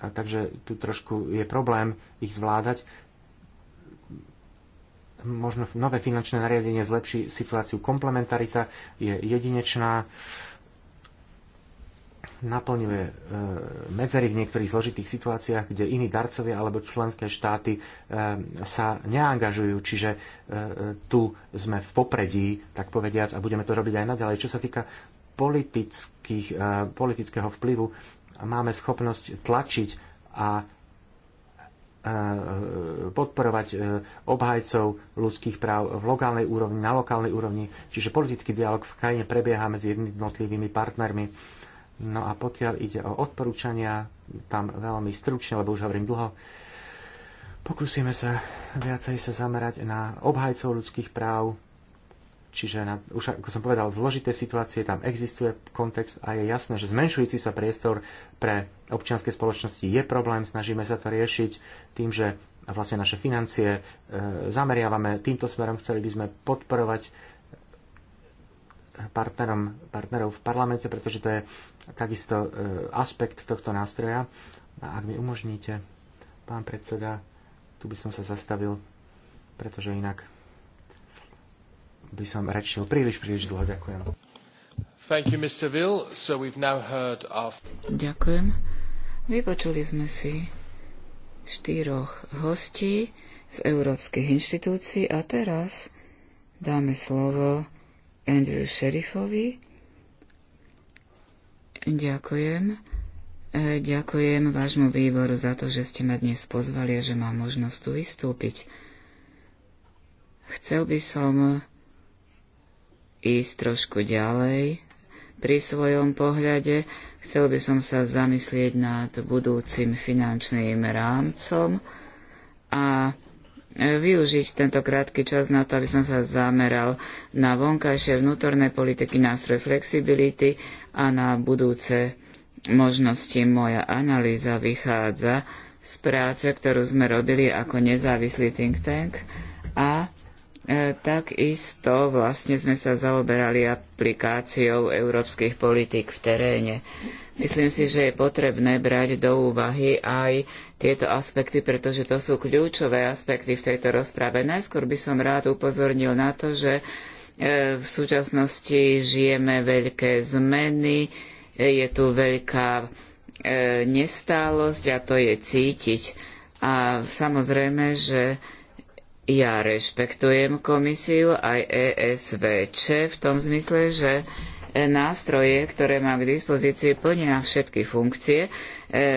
takže tu trošku je problém ich zvládať. Možno nové finančné nariadenie zlepší situáciu. Komplementarita je jedinečná naplňuje e, medzery v niektorých zložitých situáciách, kde iní darcovia alebo členské štáty e, sa neangažujú, čiže e, tu sme v popredí, tak povediac, a budeme to robiť aj naďalej. Čo sa týka politického vplyvu, máme schopnosť tlačiť a podporovať obhajcov ľudských práv v lokálnej úrovni, na lokálnej úrovni. Čiže politický dialog v krajine prebieha medzi jednotlivými partnermi No a pokiaľ ide o odporúčania, tam veľmi stručne, lebo už hovorím dlho, pokúsime sa viacej sa zamerať na obhajcov ľudských práv, čiže na, už ako som povedal, zložité situácie, tam existuje kontext a je jasné, že zmenšujúci sa priestor pre občianske spoločnosti je problém, snažíme sa to riešiť tým, že vlastne naše financie e, zameriavame týmto smerom, chceli by sme podporovať partnerom, partnerov v parlamente, pretože to je takisto e, aspekt tohto nástroja. A ak mi umožníte, pán predseda, tu by som sa zastavil, pretože inak by som rečil príliš, príliš dlho. Ďakujem. Thank you, Mr. Will. So we've now heard of... Ďakujem. Vypočuli sme si štyroch hostí z európskych inštitúcií a teraz dáme slovo Andrew Sheriffovi. Ďakujem. E, ďakujem vášmu výboru za to, že ste ma dnes pozvali a že mám možnosť tu vystúpiť. Chcel by som ísť trošku ďalej pri svojom pohľade. Chcel by som sa zamyslieť nad budúcim finančným rámcom a využiť tento krátky čas na to, aby som sa zameral na vonkajšie vnútorné politiky, nástroj flexibility a na budúce možnosti. Moja analýza vychádza z práce, ktorú sme robili ako nezávislý think tank a E, takisto vlastne sme sa zaoberali aplikáciou európskych politík v teréne. Myslím si, že je potrebné brať do úvahy aj tieto aspekty, pretože to sú kľúčové aspekty v tejto rozprave. Najskôr by som rád upozornil na to, že e, v súčasnosti žijeme veľké zmeny, je tu veľká e, nestálosť a to je cítiť. A samozrejme, že ja rešpektujem komisiu aj ESVČ v tom zmysle, že e, nástroje, ktoré má k dispozícii, plnia všetky funkcie, e,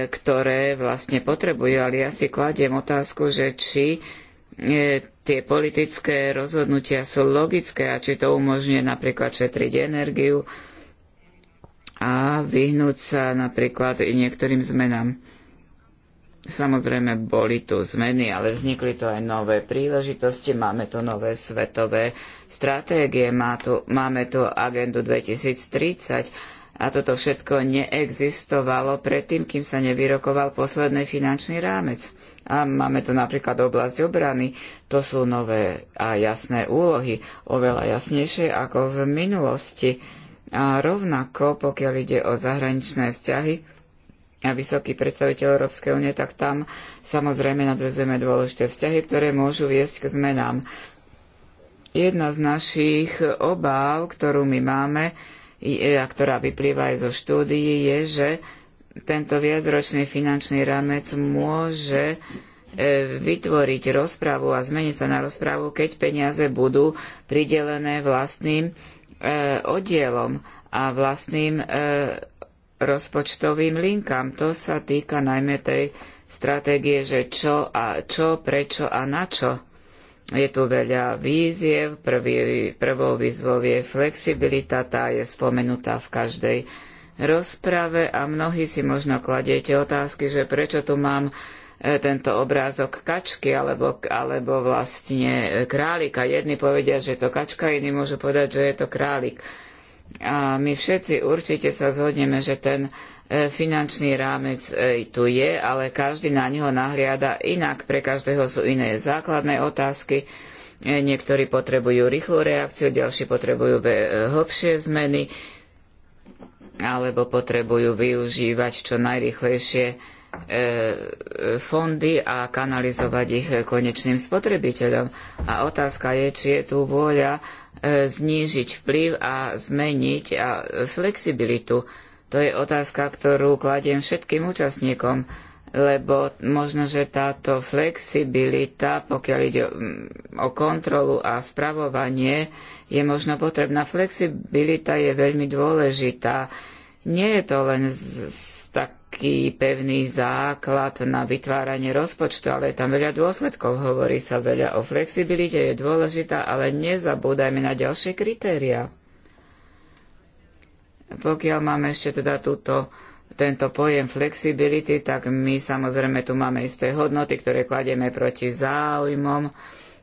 ktoré vlastne potrebujú, ale ja si kladiem otázku, že či e, tie politické rozhodnutia sú logické a či to umožňuje napríklad šetriť energiu a vyhnúť sa napríklad i niektorým zmenám. Samozrejme, boli tu zmeny, ale vznikli tu aj nové príležitosti, máme tu nové svetové stratégie, má tu, máme tu agendu 2030 a toto všetko neexistovalo predtým, kým sa nevyrokoval posledný finančný rámec. A máme tu napríklad oblasť obrany, to sú nové a jasné úlohy, oveľa jasnejšie ako v minulosti. A rovnako, pokiaľ ide o zahraničné vzťahy, a vysoký predstaviteľ Európskej únie, tak tam samozrejme nadvezujeme dôležité vzťahy, ktoré môžu viesť k zmenám. Jedna z našich obáv, ktorú my máme e, a ktorá vyplýva aj zo štúdií, je, že tento viacročný finančný rámec môže e, vytvoriť rozpravu a zmeniť sa na rozpravu, keď peniaze budú pridelené vlastným e, oddielom a vlastným rozpočtovým linkám. To sa týka najmä tej stratégie, že čo a čo, prečo a na čo. Je tu veľa víziev, Prvý, prvou výzvou je flexibilita, tá je spomenutá v každej rozprave a mnohí si možno kladiete otázky, že prečo tu mám e, tento obrázok kačky alebo, alebo vlastne králika. Jedni povedia, že je to kačka, iní môžu povedať, že je to králik. A my všetci určite sa zhodneme, že ten e, finančný rámec e, tu je, ale každý na neho nahliada inak. Pre každého sú iné základné otázky. E, niektorí potrebujú rýchlu reakciu, ďalší potrebujú hlbšie zmeny alebo potrebujú využívať čo najrychlejšie E, e, fondy a kanalizovať ich konečným spotrebiteľom. A otázka je, či je tu vôľa e, znížiť vplyv a zmeniť a flexibilitu. To je otázka, ktorú kladiem všetkým účastníkom, lebo možno, že táto flexibilita, pokiaľ ide mm, o kontrolu a spravovanie, je možno potrebná. Flexibilita je veľmi dôležitá. Nie je to len z taký pevný základ na vytváranie rozpočtu, ale je tam veľa dôsledkov. Hovorí sa veľa o flexibilite, je dôležitá, ale nezabúdajme na ďalšie kritéria. Pokiaľ máme ešte teda túto tento pojem flexibility, tak my samozrejme tu máme isté hodnoty, ktoré kladieme proti záujmom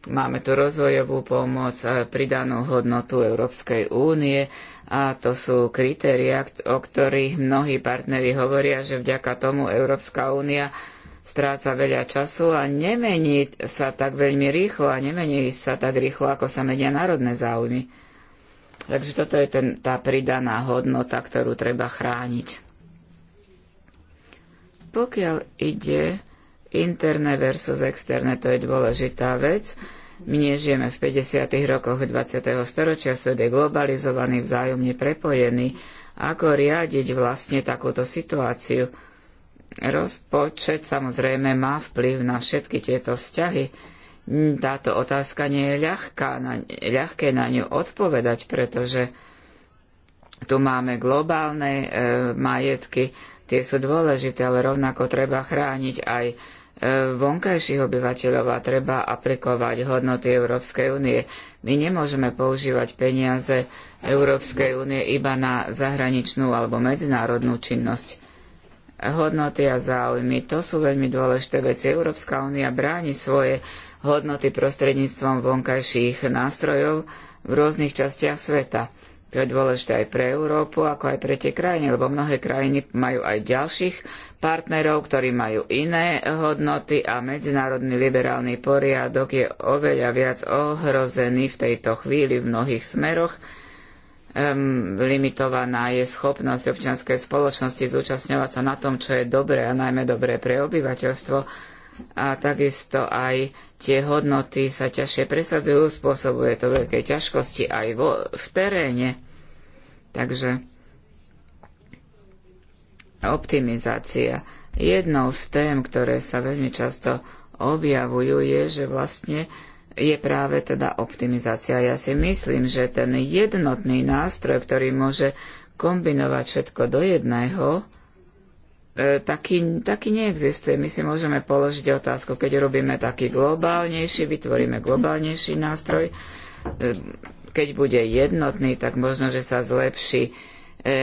Máme tu rozvojovú pomoc, e, pridanú hodnotu Európskej únie a to sú kritéria, o ktorých mnohí partneri hovoria, že vďaka tomu Európska únia stráca veľa času a nemení sa tak veľmi rýchlo a nemení sa tak rýchlo, ako sa menia národné záujmy. Takže toto je ten, tá pridaná hodnota, ktorú treba chrániť. Pokiaľ ide Interné versus externé, to je dôležitá vec. My nežijeme v 50. rokoch 20. storočia, svet je globalizovaný, vzájomne prepojený. Ako riadiť vlastne takúto situáciu? Rozpočet samozrejme má vplyv na všetky tieto vzťahy. Táto otázka nie je ľahká, na, ľahké na ňu odpovedať, pretože tu máme globálne e, majetky, tie sú dôležité, ale rovnako treba chrániť aj E, vonkajších obyvateľov a treba aplikovať hodnoty Európskej únie. My nemôžeme používať peniaze Európskej únie iba na zahraničnú alebo medzinárodnú činnosť. Hodnoty a záujmy, to sú veľmi dôležité veci. Európska únia bráni svoje hodnoty prostredníctvom vonkajších nástrojov v rôznych častiach sveta. To je dôležité aj pre Európu, ako aj pre tie krajiny, lebo mnohé krajiny majú aj ďalších partnerov, ktorí majú iné hodnoty a medzinárodný liberálny poriadok je oveľa viac ohrozený v tejto chvíli v mnohých smeroch. Um, limitovaná je schopnosť občianskej spoločnosti zúčastňovať sa na tom, čo je dobré a najmä dobré pre obyvateľstvo a takisto aj tie hodnoty sa ťažšie presadzujú, spôsobuje to veľké ťažkosti aj vo, v teréne. Takže optimizácia. Jednou z tém, ktoré sa veľmi často objavujú, je, že vlastne je práve teda optimizácia. Ja si myslím, že ten jednotný nástroj, ktorý môže kombinovať všetko do jedného, E, taký, taký neexistuje. My si môžeme položiť otázku, keď robíme taký globálnejší, vytvoríme globálnejší nástroj, e, keď bude jednotný, tak možno, že sa zlepší e,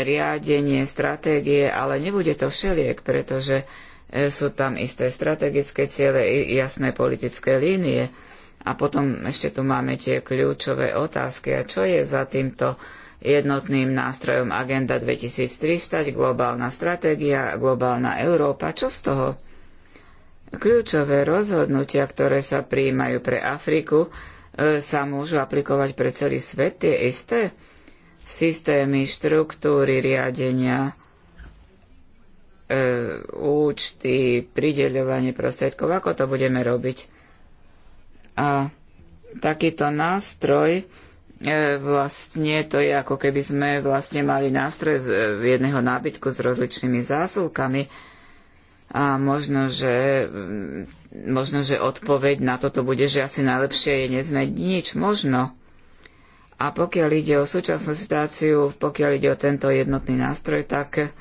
riadenie, stratégie, ale nebude to všeliek, pretože sú tam isté strategické ciele, jasné politické línie. A potom ešte tu máme tie kľúčové otázky. A čo je za týmto jednotným nástrojom Agenda 2030, globálna stratégia, globálna Európa. Čo z toho? Kľúčové rozhodnutia, ktoré sa prijímajú pre Afriku, e, sa môžu aplikovať pre celý svet tie isté systémy, štruktúry riadenia, e, účty, prideľovanie prostriedkov, ako to budeme robiť. A takýto nástroj E, vlastne to je ako keby sme vlastne mali nástroj z e, jedného nábytku s rozličnými zásuvkami a možno, že, možno, že odpoveď na toto bude, že asi najlepšie je nezmeniť nič, možno. A pokiaľ ide o súčasnú situáciu, pokiaľ ide o tento jednotný nástroj, tak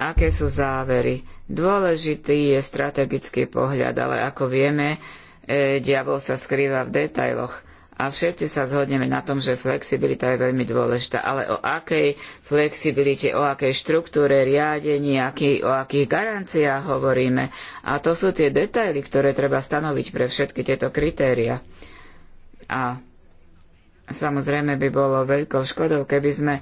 aké sú závery? Dôležitý je strategický pohľad, ale ako vieme, e, diabol sa skrýva v detailoch a všetci sa zhodneme na tom, že flexibilita je veľmi dôležitá, ale o akej flexibilite, o akej štruktúre riadení, aký, o akých garanciách hovoríme. A to sú tie detaily, ktoré treba stanoviť pre všetky tieto kritéria. A samozrejme by bolo veľkou škodou, keby sme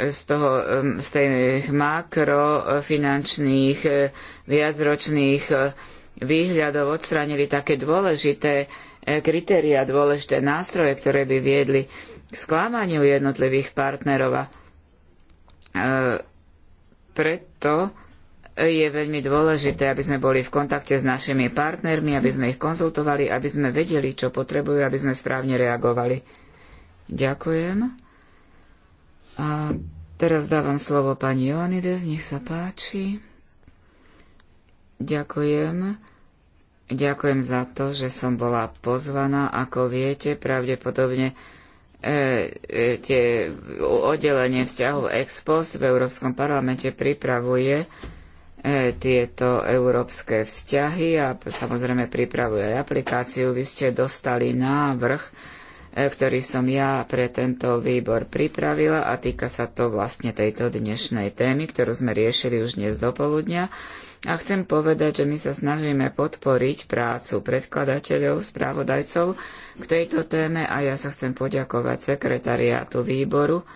z, toho, z tých makrofinančných eh, viacročných eh, výhľadov odstránili také dôležité kritéria, dôležité nástroje, ktoré by viedli k sklamaniu jednotlivých partnerov. A e, preto je veľmi dôležité, aby sme boli v kontakte s našimi partnermi, aby sme ich konzultovali, aby sme vedeli, čo potrebujú, aby sme správne reagovali. Ďakujem. A teraz dávam slovo pani Joanides, nech sa páči. Ďakujem. Ďakujem za to, že som bola pozvaná. Ako viete, pravdepodobne e, e, tie oddelenie vzťahov ex post v Európskom parlamente pripravuje e, tieto európske vzťahy a samozrejme pripravuje aj aplikáciu. Vy ste dostali návrh, e, ktorý som ja pre tento výbor pripravila a týka sa to vlastne tejto dnešnej témy, ktorú sme riešili už dnes do poludnia. A chcem povedať, že my sa snažíme podporiť prácu predkladateľov, správodajcov k tejto téme a ja sa chcem poďakovať sekretariátu výboru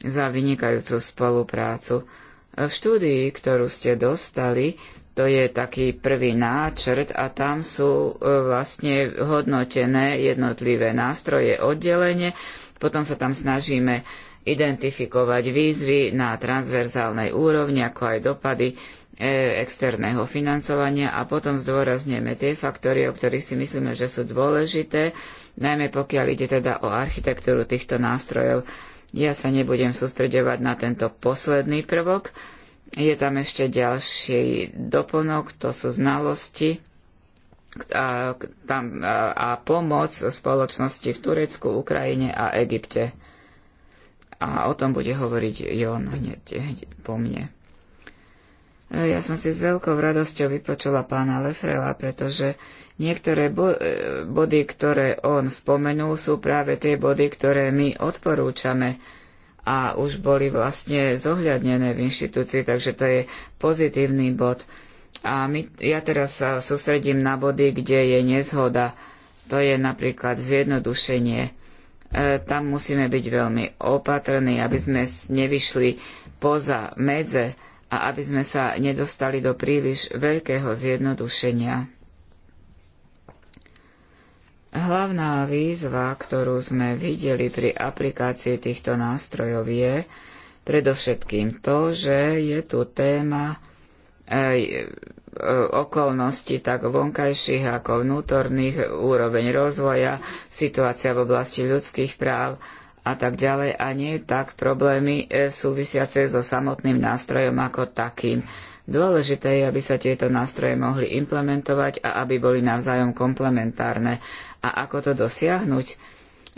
za vynikajúcu spoluprácu. V štúdii, ktorú ste dostali, to je taký prvý náčrt a tam sú e, vlastne hodnotené jednotlivé nástroje oddelenie. Potom sa tam snažíme identifikovať výzvy na transverzálnej úrovni, ako aj dopady E, externého financovania a potom zdôrazňujeme tie faktory, o ktorých si myslíme, že sú dôležité, najmä pokiaľ ide teda o architektúru týchto nástrojov. Ja sa nebudem sústreďovať na tento posledný prvok. Je tam ešte ďalší doplnok, to sú znalosti a, tam, a, a pomoc spoločnosti v Turecku, Ukrajine a Egypte. A o tom bude hovoriť Jon hneď, hneď po mne. E, ja som si s veľkou radosťou vypočula pána Lefrela, pretože niektoré bo- e, body, ktoré on spomenul, sú práve tie body, ktoré my odporúčame a už boli vlastne zohľadnené v inštitúcii, takže to je pozitívny bod. A my, ja teraz sa sústredím na body, kde je nezhoda. To je napríklad zjednodušenie. E, tam musíme byť veľmi opatrní, aby sme nevyšli poza medze a aby sme sa nedostali do príliš veľkého zjednodušenia. Hlavná výzva, ktorú sme videli pri aplikácii týchto nástrojov je predovšetkým to, že je tu téma e, e, okolnosti tak vonkajších ako vnútorných, úroveň rozvoja, situácia v oblasti ľudských práv a tak ďalej a nie tak problémy e, súvisiace so samotným nástrojom ako takým. Dôležité je, aby sa tieto nástroje mohli implementovať a aby boli navzájom komplementárne. A ako to dosiahnuť?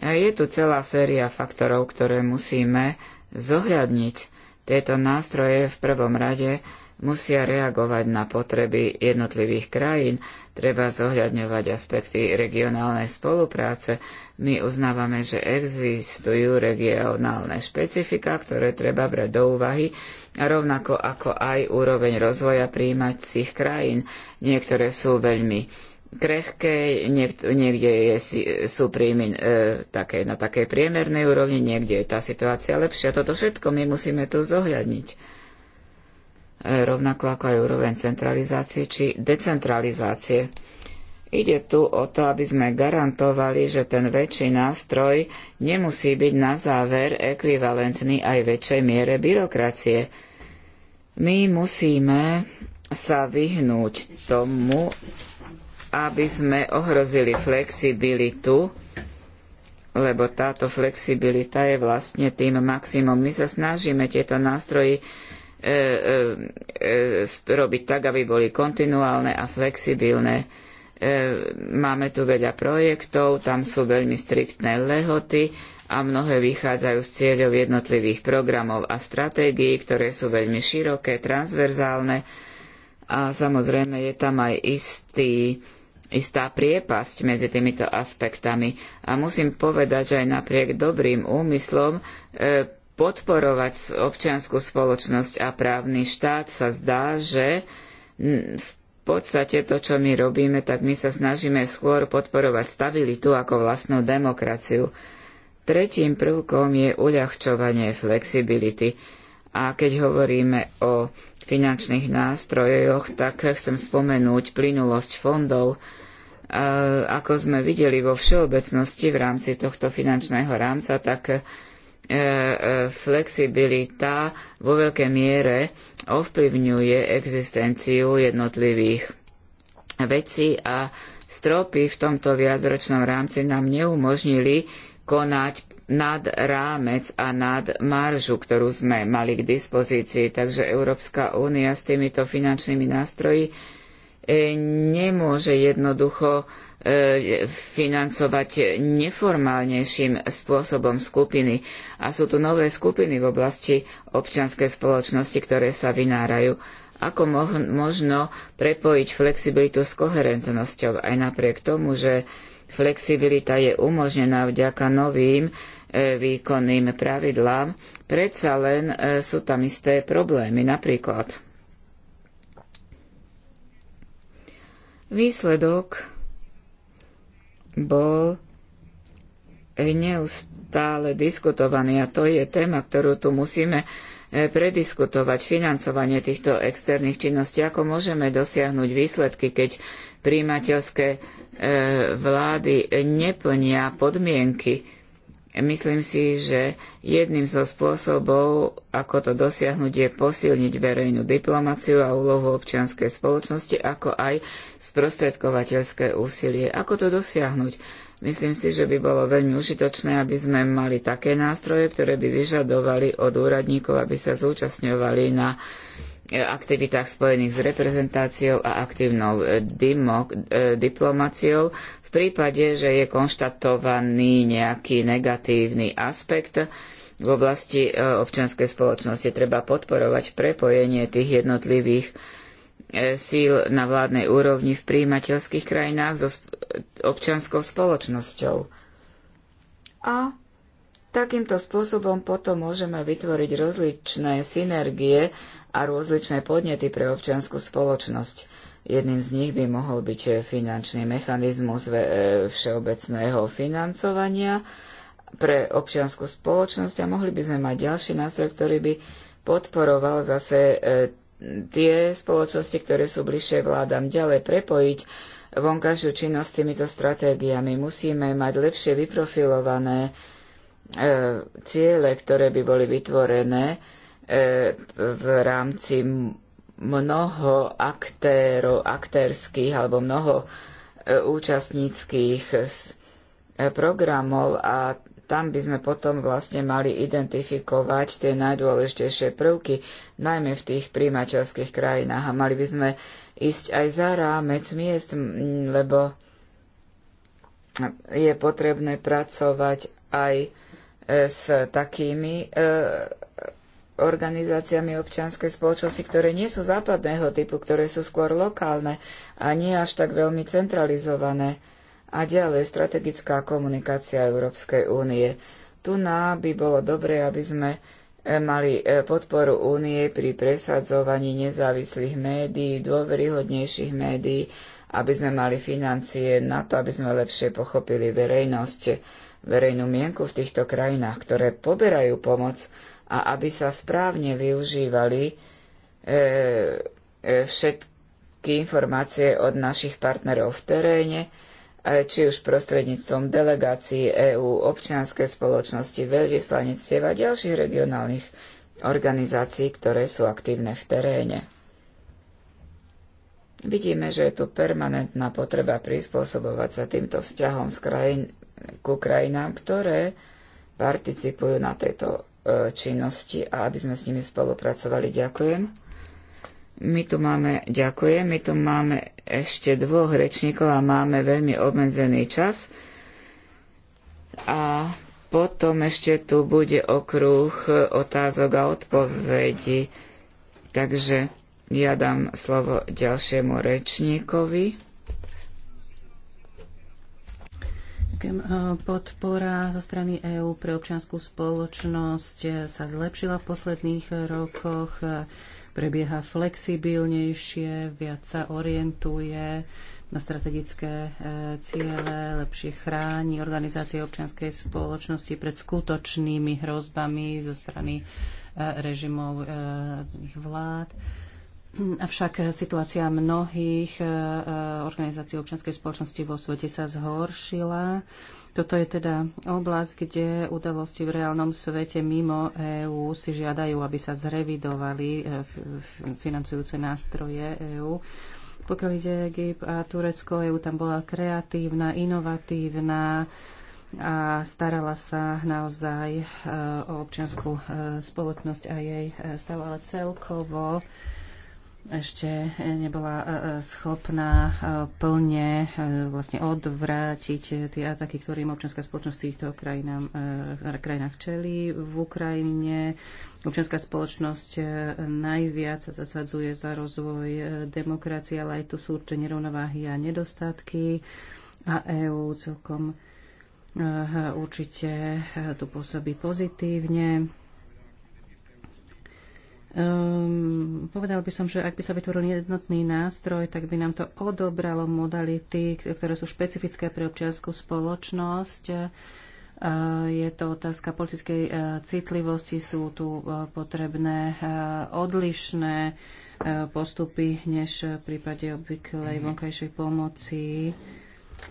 E, je tu celá séria faktorov, ktoré musíme zohľadniť. Tieto nástroje v prvom rade musia reagovať na potreby jednotlivých krajín, treba zohľadňovať aspekty regionálnej spolupráce, my uznávame, že existujú regionálne špecifika, ktoré treba brať do úvahy, rovnako ako aj úroveň rozvoja príjmacích krajín. Niektoré sú veľmi krehké, niek- niekde je, sú príjmy e, také, na takej priemernej úrovni, niekde je tá situácia lepšia. Toto všetko my musíme tu zohľadniť. E, rovnako ako aj úroveň centralizácie či decentralizácie. Ide tu o to, aby sme garantovali, že ten väčší nástroj nemusí byť na záver ekvivalentný aj väčšej miere byrokracie. My musíme sa vyhnúť tomu, aby sme ohrozili flexibilitu, lebo táto flexibilita je vlastne tým maximum. My sa snažíme tieto nástroje e, e, e, robiť tak, aby boli kontinuálne a flexibilné. E, máme tu veľa projektov, tam sú veľmi striktné lehoty a mnohé vychádzajú z cieľov jednotlivých programov a stratégií, ktoré sú veľmi široké, transverzálne a samozrejme je tam aj istý, istá priepasť medzi týmito aspektami. A musím povedať, že aj napriek dobrým úmyslom e, podporovať občiansku spoločnosť a právny štát sa zdá, že v podstate to, čo my robíme, tak my sa snažíme skôr podporovať stabilitu ako vlastnú demokraciu. Tretím prvkom je uľahčovanie flexibility. A keď hovoríme o finančných nástrojoch, tak chcem spomenúť plynulosť fondov. Ako sme videli vo všeobecnosti v rámci tohto finančného rámca, tak E, e, flexibilita vo veľkej miere ovplyvňuje existenciu jednotlivých vecí a stropy v tomto viacročnom rámci nám neumožnili konať nad rámec a nad maržu, ktorú sme mali k dispozícii. Takže Európska únia s týmito finančnými nástroji e, nemôže jednoducho E, financovať neformálnejším spôsobom skupiny. A sú tu nové skupiny v oblasti občianskej spoločnosti, ktoré sa vynárajú. Ako možno prepojiť flexibilitu s koherentnosťou aj napriek tomu, že flexibilita je umožnená vďaka novým e, výkonným pravidlám, predsa len e, sú tam isté problémy. Napríklad výsledok bol neustále diskutovaný a to je téma, ktorú tu musíme e, prediskutovať financovanie týchto externých činností, ako môžeme dosiahnuť výsledky, keď príjimateľské e, vlády neplnia podmienky Myslím si, že jedným zo spôsobov, ako to dosiahnuť, je posilniť verejnú diplomáciu a úlohu občianskej spoločnosti, ako aj sprostredkovateľské úsilie. Ako to dosiahnuť? Myslím si, že by bolo veľmi užitočné, aby sme mali také nástroje, ktoré by vyžadovali od úradníkov, aby sa zúčastňovali na e, aktivitách spojených s reprezentáciou a aktívnou e, dimok, e, diplomáciou, prípade, že je konštatovaný nejaký negatívny aspekt v oblasti e, občianskej spoločnosti, treba podporovať prepojenie tých jednotlivých e, síl na vládnej úrovni v príjimateľských krajinách so občianskou spoločnosťou. A takýmto spôsobom potom môžeme vytvoriť rozličné synergie a rozličné podnety pre občiansku spoločnosť. Jedným z nich by mohol byť eh, finančný mechanizmus eh, všeobecného financovania pre občianskú spoločnosť a mohli by sme mať ďalší nástroj, ktorý by podporoval zase eh, tie spoločnosti, ktoré sú bližšie vládam ďalej prepojiť vonkajšiu činnosť s týmito stratégiami. Musíme mať lepšie vyprofilované e, ciele, ktoré by boli vytvorené e, v rámci mnoho aktérov, aktérských alebo mnoho e, účastníckých e, e, programov a tam by sme potom vlastne mali identifikovať tie najdôležitejšie prvky, najmä v tých príjimateľských krajinách. A mali by sme ísť aj za rámec miest, lebo je potrebné pracovať aj s takými organizáciami občianskej spoločnosti, ktoré nie sú západného typu, ktoré sú skôr lokálne a nie až tak veľmi centralizované. A ďalej strategická komunikácia Európskej únie. Tu nám by bolo dobre, aby sme e, mali e, podporu únie pri presadzovaní nezávislých médií, dôveryhodnejších médií, aby sme mali financie na to, aby sme lepšie pochopili verejnosť, verejnú mienku v týchto krajinách, ktoré poberajú pomoc a aby sa správne využívali e, e, všetky informácie od našich partnerov v teréne, e, či už prostredníctvom delegácií EÚ, občianskej spoločnosti, veľvyslanectiev a ďalších regionálnych organizácií, ktoré sú aktívne v teréne. Vidíme, že je tu permanentná potreba prispôsobovať sa týmto vzťahom z krajín, ku krajinám, ktoré participujú na tejto E, činnosti a aby sme s nimi spolupracovali. Ďakujem. My tu máme, ďakujem, my tu máme ešte dvoch rečníkov a máme veľmi obmedzený čas. A potom ešte tu bude okruh otázok a odpovedí. Takže ja dám slovo ďalšiemu rečníkovi. Eh, podpora zo strany EÚ pre občianskú spoločnosť eh, sa zlepšila v posledných rokoch, eh, prebieha flexibilnejšie, viac sa orientuje na strategické ciele, lepšie chráni organizácie občianskej spoločnosti pred skutočnými hrozbami zo strany režimov vlád Avšak situácia mnohých eh, eh, organizácií občianskej spoločnosti vo svete sa zhoršila. Toto je teda oblasť, kde udalosti v reálnom svete mimo EÚ si žiadajú, aby sa zrevidovali eh, financujúce nástroje EÚ. Pokiaľ ide Egypt a Turecko, EÚ tam bola kreatívna, inovatívna a starala sa naozaj o občianskú spoločnosť a jej stav, ale celkovo ešte nebola e, e, schopná e, plne vlastne odvrátiť tie ataky, ktorým občianská spoločnosť v týchto krajinách čelí. V Ukrajine občianská spoločnosť najviac sa zasadzuje za rozvoj demokracie, ale aj tu sú určite nerovnováhy a nedostatky a EÚ celkom určite tu pôsobí pozitívne Um, ehm, povedal by som, že ak by sa vytvoril jednotný nástroj, tak by nám to odobralo modality, ktoré sú špecifické pre občianskú spoločnosť. Uh, je to otázka politickej uh, citlivosti, sú tu uh, potrebné e, odlišné postupy než v prípade obvyklej mhm. vonkajšej pomoci.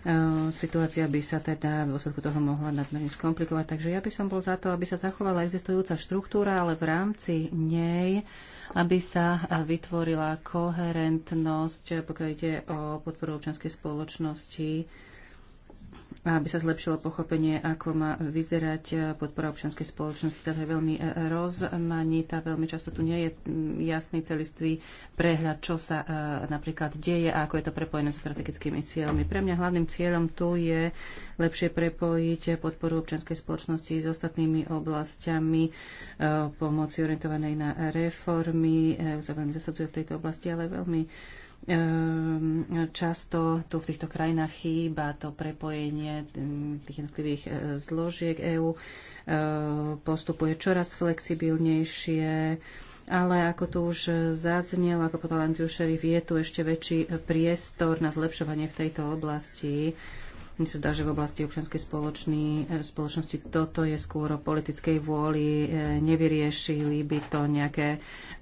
Eh, situácia by sa teda v dôsledku toho mohla nadmerne skomplikovať, takže ja by som bol za to, aby sa zachovala existujúca štruktúra, ale v rámci nej aby sa eh, vytvorila koherentnosť, eh, pokiaľ ide o podporu občanskej spoločnosti aby sa zlepšilo pochopenie, ako má vyzerať eh, podpora občianskej spoločnosti. Tá je veľmi eh, rozmanitá, veľmi často tu nie je mm, jasný celistvý prehľad, čo sa eh, napríklad deje a ako je to prepojené so strategickými cieľmi. Pre mňa hlavným cieľom tu je lepšie prepojiť podporu občianskej spoločnosti s ostatnými oblastiami pomoci orientovanej na reformy. Ja sa veľmi zasadzujú v tejto oblasti, ale veľmi Ehm, často tu v týchto krajinách chýba to prepojenie ehm, tých jednotlivých e, zložiek EÚ. E, postupuje čoraz flexibilnejšie, ale ako tu už zaznelo, ako povedal Andrew Sheriff, je tu ešte väčší e, priestor na zlepšovanie v tejto oblasti mne sa zdá, že v oblasti občianskej e, spoločnosti toto je skôr o politickej vôli. E, nevyriešili by to nejaké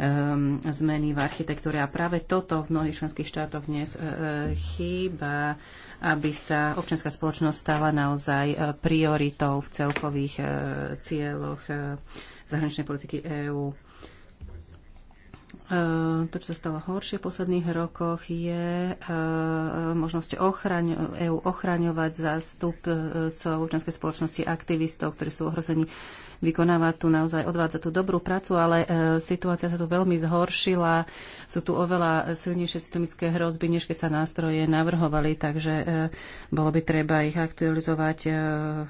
um, zmeny v architektúre. A práve toto v mnohých členských štátoch dnes uh, chýba, aby sa občianská spoločnosť stala naozaj prioritou v celkových uh, cieľoch uh, zahraničnej politiky EÚ. Eh, to, čo sa stalo horšie v posledných rokoch, je eh, možnosť ochraň, EU ochraňovať zástupcov občianskej spoločnosti, aktivistov, ktorí sú ohrození vykonávať tu naozaj, odvádza tú dobrú prácu, ale eh, situácia sa tu veľmi zhoršila. Sú tu oveľa silnejšie systemické hrozby, než keď sa nástroje navrhovali, takže bolo by treba ich aktualizovať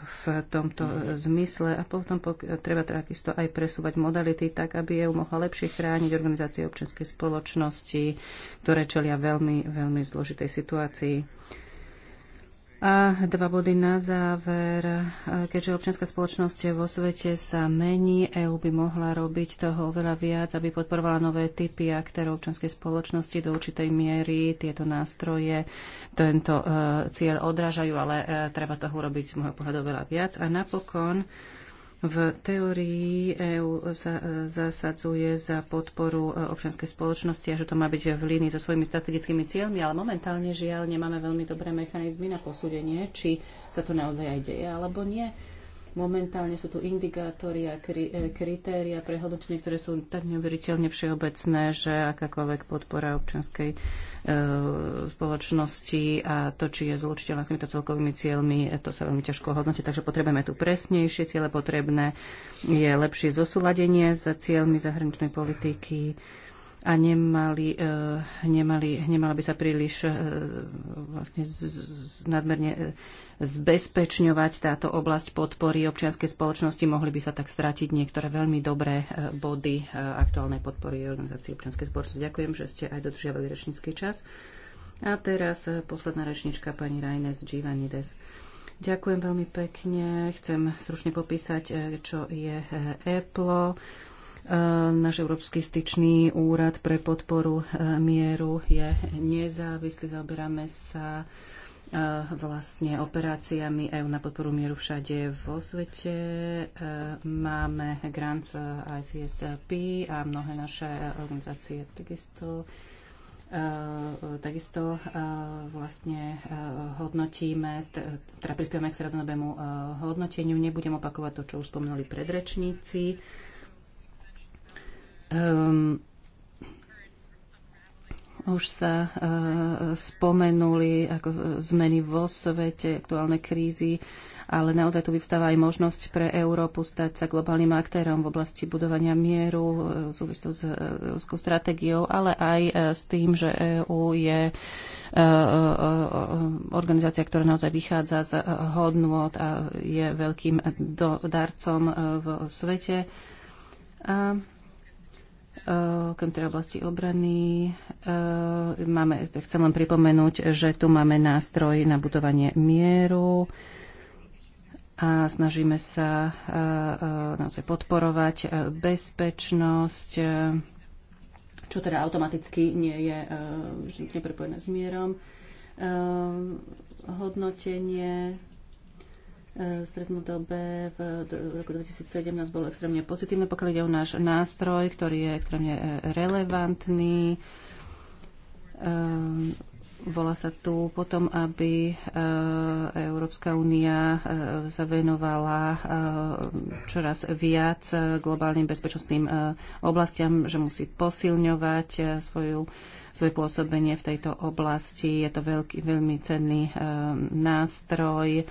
v tomto zmysle a potom treba takisto aj presúvať modality tak, aby EU mohla lepšie chrániť organizácie občianskej spoločnosti, ktoré čelia veľmi, veľmi zložitej situácii. A dva body na záver. Keďže občianská spoločnosť vo svete sa mení, EÚ by mohla robiť toho oveľa viac, aby podporovala nové typy aktérov občianskej spoločnosti do určitej miery. Tieto nástroje tento uh, cieľ odrážajú, ale uh, treba toho robiť z môjho pohľadu oveľa viac. A napokon v teórii EÚ zasadzuje za podporu e, občianskej spoločnosti a že to má byť v línii so svojimi strategickými cieľmi, ale momentálne žiaľ nemáme veľmi dobré mechanizmy na posúdenie, či sa to naozaj aj deje alebo nie. Momentálne sú tu indikátory a kri- e, kritéria pre hodnotenie, ktoré sú tak neuveriteľne všeobecné, že akákoľvek podpora občianskej e, spoločnosti a to, či je zlučiteľná s týmito celkovými cieľmi, e, to sa veľmi ťažko hodnotí. Takže potrebujeme tu presnejšie ciele, potrebné je lepšie zosúladenie s cieľmi zahraničnej politiky a nemali, e, nemali, nemala by sa príliš e, vlastne z, z, nadmerne e, zbezpečňovať táto oblasť podpory občianskej spoločnosti. Mohli by sa tak stratiť niektoré veľmi dobré body aktuálnej podpory organizácie občianskej spoločnosti. Ďakujem, že ste aj dodržiavali rečnícky čas. A teraz posledná rečnička pani Rajnes Givanides. Ďakujem veľmi pekne. Chcem stručne popísať, čo je EPLO. Náš Európsky styčný úrad pre podporu e, mieru je nezávislý. Zaoberáme sa e, vlastne operáciami EU na podporu mieru všade vo svete. E, máme grant ICSP a mnohé naše organizácie takisto takisto vlastne hodnotíme, teda prispievame k strednodobému hodnoteniu. Nebudem opakovať to, čo už spomenuli predrečníci Um, už sa uh, spomenuli ako eh, zmeny vo svete, aktuálne krízy, ale naozaj tu vyvstáva aj možnosť pre Európu stať sa globálnym aktérom v oblasti budovania mieru, eh, v súvislosti s ruskou stratégiou, ale aj s tým, že EÚ je organizácia, ktorá naozaj vychádza z hodnot a je veľkým darcom v svete. A Eh, okrem teda oblasti obrany. Eh, máme, chcem len pripomenúť, že tu máme nástroj na budovanie mieru a snažíme sa eh, naozaj podporovať bezpečnosť, čo teda automaticky nie je neprepojené s mierom. Hodnotenie dobe v roku 2017 bolo extrémne pozitívne, pokiaľ ide o náš nástroj, ktorý je extrémne e, relevantný. Ehm, volá sa tu potom, aby e, Európska únia sa e, venovala čoraz viac globálnym bezpečnostným oblastiam, že musí posilňovať svoju, svoje pôsobenie v tejto oblasti. Je to veľký, veľmi cenný nástroj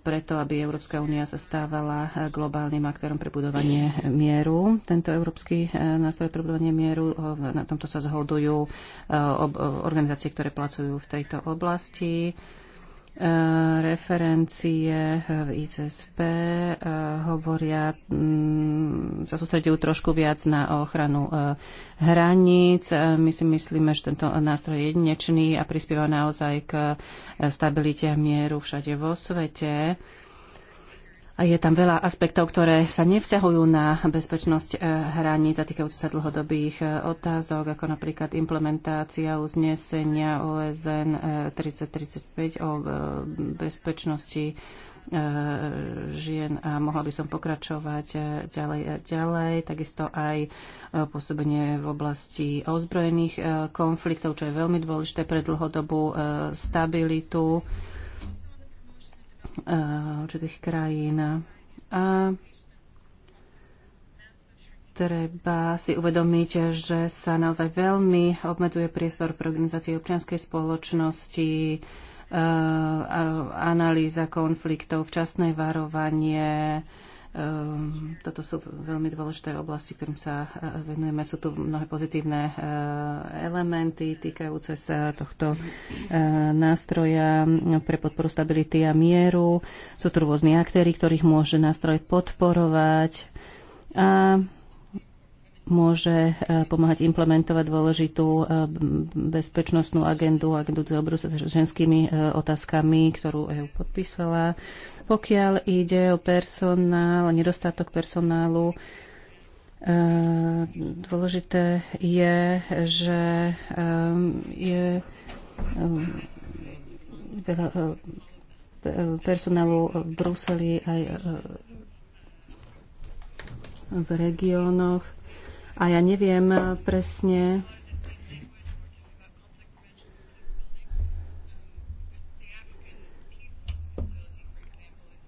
preto, aby Európska únia sa stávala globálnym aktérom pre budovanie mieru. Tento európsky e, nástroj pre budovanie mieru, na tomto sa zhodujú e, organizácie, ktoré placujú v tejto oblasti. Eh, referencie v eh, ICSP eh, hovoria, mm, sa sústredujú trošku viac na ochranu hraníc. My si myslíme, že tento nástroj je jedinečný a prispieva naozaj k stabilite a mieru všade vo svete. Je tam veľa aspektov, ktoré sa nevzťahujú na bezpečnosť eh, hraníc a týkajú sa dlhodobých eh, otázok, ako napríklad implementácia uznesenia OSN 3035 o eh, bezpečnosti žien a mohla by som pokračovať ďalej a ďalej. Takisto aj pôsobenie v oblasti ozbrojených konfliktov, čo je veľmi dôležité pre dlhodobú stabilitu E, určitých krajín. A treba si uvedomiť, že sa naozaj veľmi obmedzuje priestor pre organizácie občianskej spoločnosti, e, analýza konfliktov, včasné varovanie, Ehm, toto sú veľmi dôležité oblasti, ktorým sa e, e, venujeme. Sú tu mnohé pozitívne e, elementy týkajúce sa tohto nástroja pre podporu stability a mieru. Sú tu rôzni aktéry, ktorých môže nástroj podporovať. A môže e, pomáhať implementovať dôležitú e, bezpečnostnú agendu, agendu dobrú sa s ženskými e, otázkami, ktorú EU podpísala. Pokiaľ ide o personál, nedostatok personálu, dôležité je, že je veľa personálu v Bruseli aj v regiónoch a ja neviem presne,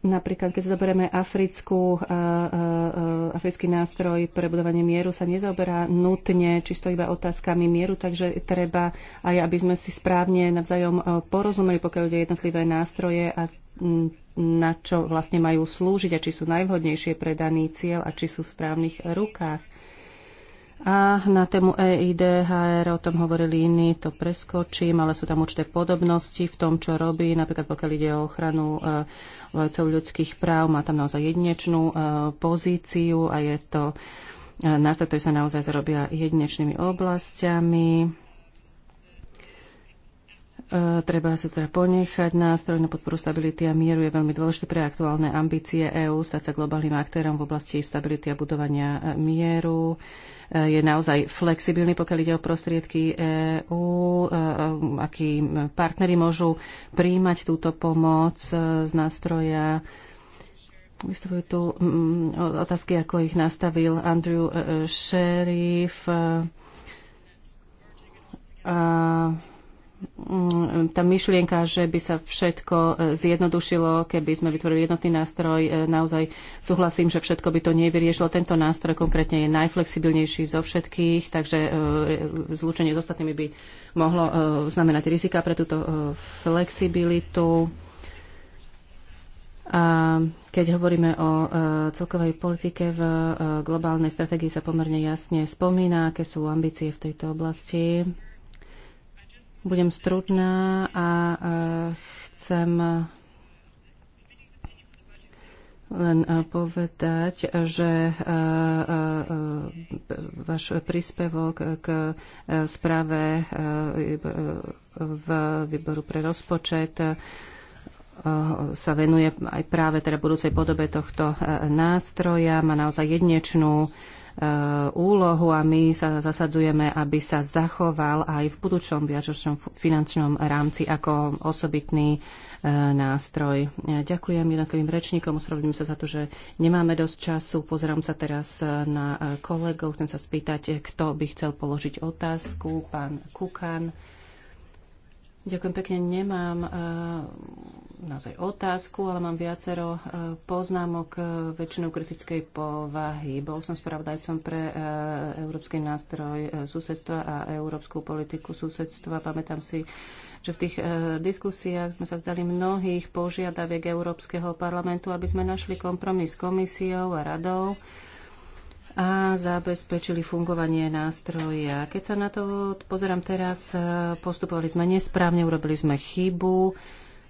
Napríklad, keď zoberieme africkú, uh, uh, africký nástroj pre budovanie mieru, sa nezaoberá nutne čisto iba otázkami mieru, takže treba aj, aby sme si správne navzájom porozumeli, pokiaľ ide jednotlivé nástroje a mm, na čo vlastne majú slúžiť a či sú najvhodnejšie pre daný cieľ a či sú v správnych rukách. A na tému e HR, o tom hovorili iní, to preskočím, ale sú tam určité podobnosti v tom, čo robí. Napríklad pokiaľ ide o ochranu e, vojcov ľudských práv, má tam naozaj jedinečnú e, pozíciu a je to nástroj, ktorý sa naozaj zrobia jedinečnými oblastiami. E, treba sa teda ponechať. Nástroj na podporu stability a mieru je veľmi dôležitý pre aktuálne ambície EÚ stať sa globálnym aktérom v oblasti stability a budovania e, mieru. E, je naozaj flexibilný, pokiaľ ide o prostriedky EÚ, akí partnery môžu príjmať túto pomoc z nástroja. Vystupujú tu mm, otázky, ako ich nastavil Andrew Sheriff. A Mm, tá myšlienka, že by sa všetko e, zjednodušilo, keby sme vytvorili jednotný nástroj, e, naozaj súhlasím, že všetko by to nevyriešilo. Tento nástroj konkrétne je najflexibilnejší zo všetkých, takže e, zlúčenie s ostatnými by mohlo znamenať rizika pre túto flexibilitu. A keď hovoríme o celkovej politike v globálnej stratégii sa pomerne jasne spomína, aké sú ambície v tejto oblasti. Budem strudná a eh, chcem len eh, povedať, že eh, váš príspevok k správe v výboru pre rozpočet sa venuje aj práve teda budúcej podobe tohto nástroja. Má naozaj jednečnú Eh, úlohu a my sa zasadzujeme, aby sa zachoval aj v budúčom viačočnom finančnom rámci ako osobitný eh, nástroj. Ďakujem jednotlivým rečníkom, ospravedlňujem sa za to, že nemáme dosť času. Pozerám sa teraz eh, na kolegov, chcem sa spýtať, kto by chcel položiť otázku. Pán Kukan. Ďakujem pekne, nemám naozaj otázku, ale mám viacero e, poznámok e, väčšinou kritickej povahy. Bol som spravodajcom pre e, Európsky nástroj susedstva a Európsku politiku susedstva. Pamätám si, že v tých diskusiách sme sa vzdali mnohých požiadaviek Európskeho parlamentu, aby sme našli kompromis s komisiou a radou a zabezpečili fungovanie nástroja. Keď sa na to pozerám teraz, postupovali sme nesprávne, urobili sme chybu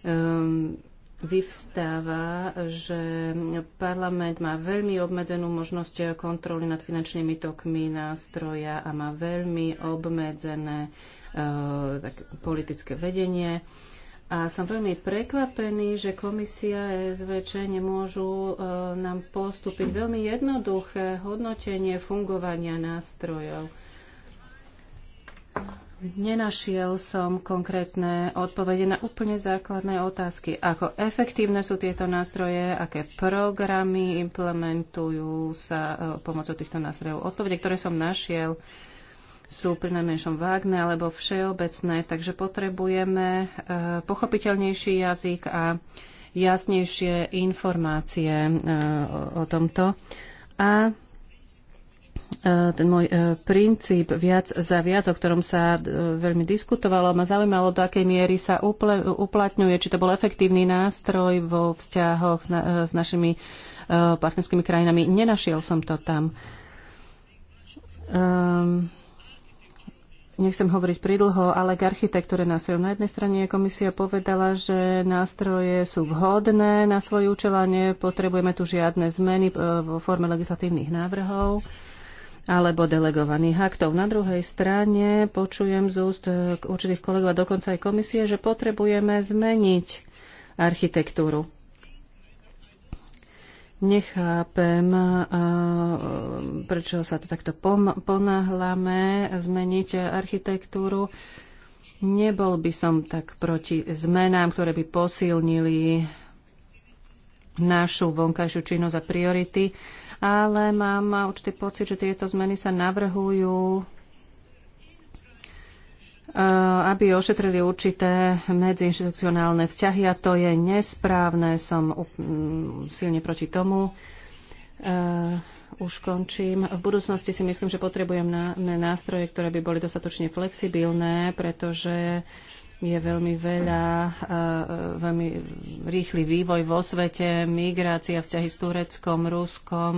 Ehm, vyvstáva, že parlament má veľmi obmedzenú možnosť kontroly nad finančnými tokmi nástroja a má veľmi obmedzené eh, tak, politické vedenie. A som veľmi prekvapený, že komisia a SVČ nemôžu eh, nám postúpiť veľmi jednoduché hodnotenie fungovania nástrojov. Nenašiel som konkrétne odpovede na úplne základné otázky. Ako efektívne sú tieto nástroje, aké programy implementujú sa e, pomocou týchto nástrojov. Odpovede, ktoré som našiel, sú pri najmenšom vágne alebo všeobecné, takže potrebujeme e, pochopiteľnejší jazyk a jasnejšie informácie e, o tomto. A Eh, ten môj eh, princíp viac za viac, o ktorom sa eh, veľmi diskutovalo. Ma zaujímalo, do akej miery sa uplatňuje, či to bol efektívny nástroj vo vzťahoch s, našimi partnerskými krajinami. Nenašiel som to tam. Um, nechcem hovoriť pridlho, ale k architektúre svojom. Na jednej strane komisia povedala, že nástroje sú vhodné na svoj účel a nepotrebujeme tu žiadne zmeny vo forme legislatívnych návrhov alebo delegovaných aktov. Na druhej strane počujem z úst eh, určitých kolegov a dokonca aj komisie, že potrebujeme zmeniť architektúru. Nechápem, eh, eh, prečo sa to takto ponáhlame zmeniť architektúru. Nebol by som tak proti zmenám, ktoré by posilnili našu vonkajšiu činnosť a priority, ale mám určitý pocit, že tieto zmeny sa navrhujú eh, aby ošetrili určité medziinstitucionálne vzťahy a to je nesprávne. Som mm, silne proti tomu. Eh, už končím. V budúcnosti si myslím, že potrebujeme nástroje, ktoré by boli dostatočne flexibilné, pretože je veľmi veľa, eh, veľmi rýchly vývoj vo svete, migrácia, vzťahy s Tureckom, Ruskom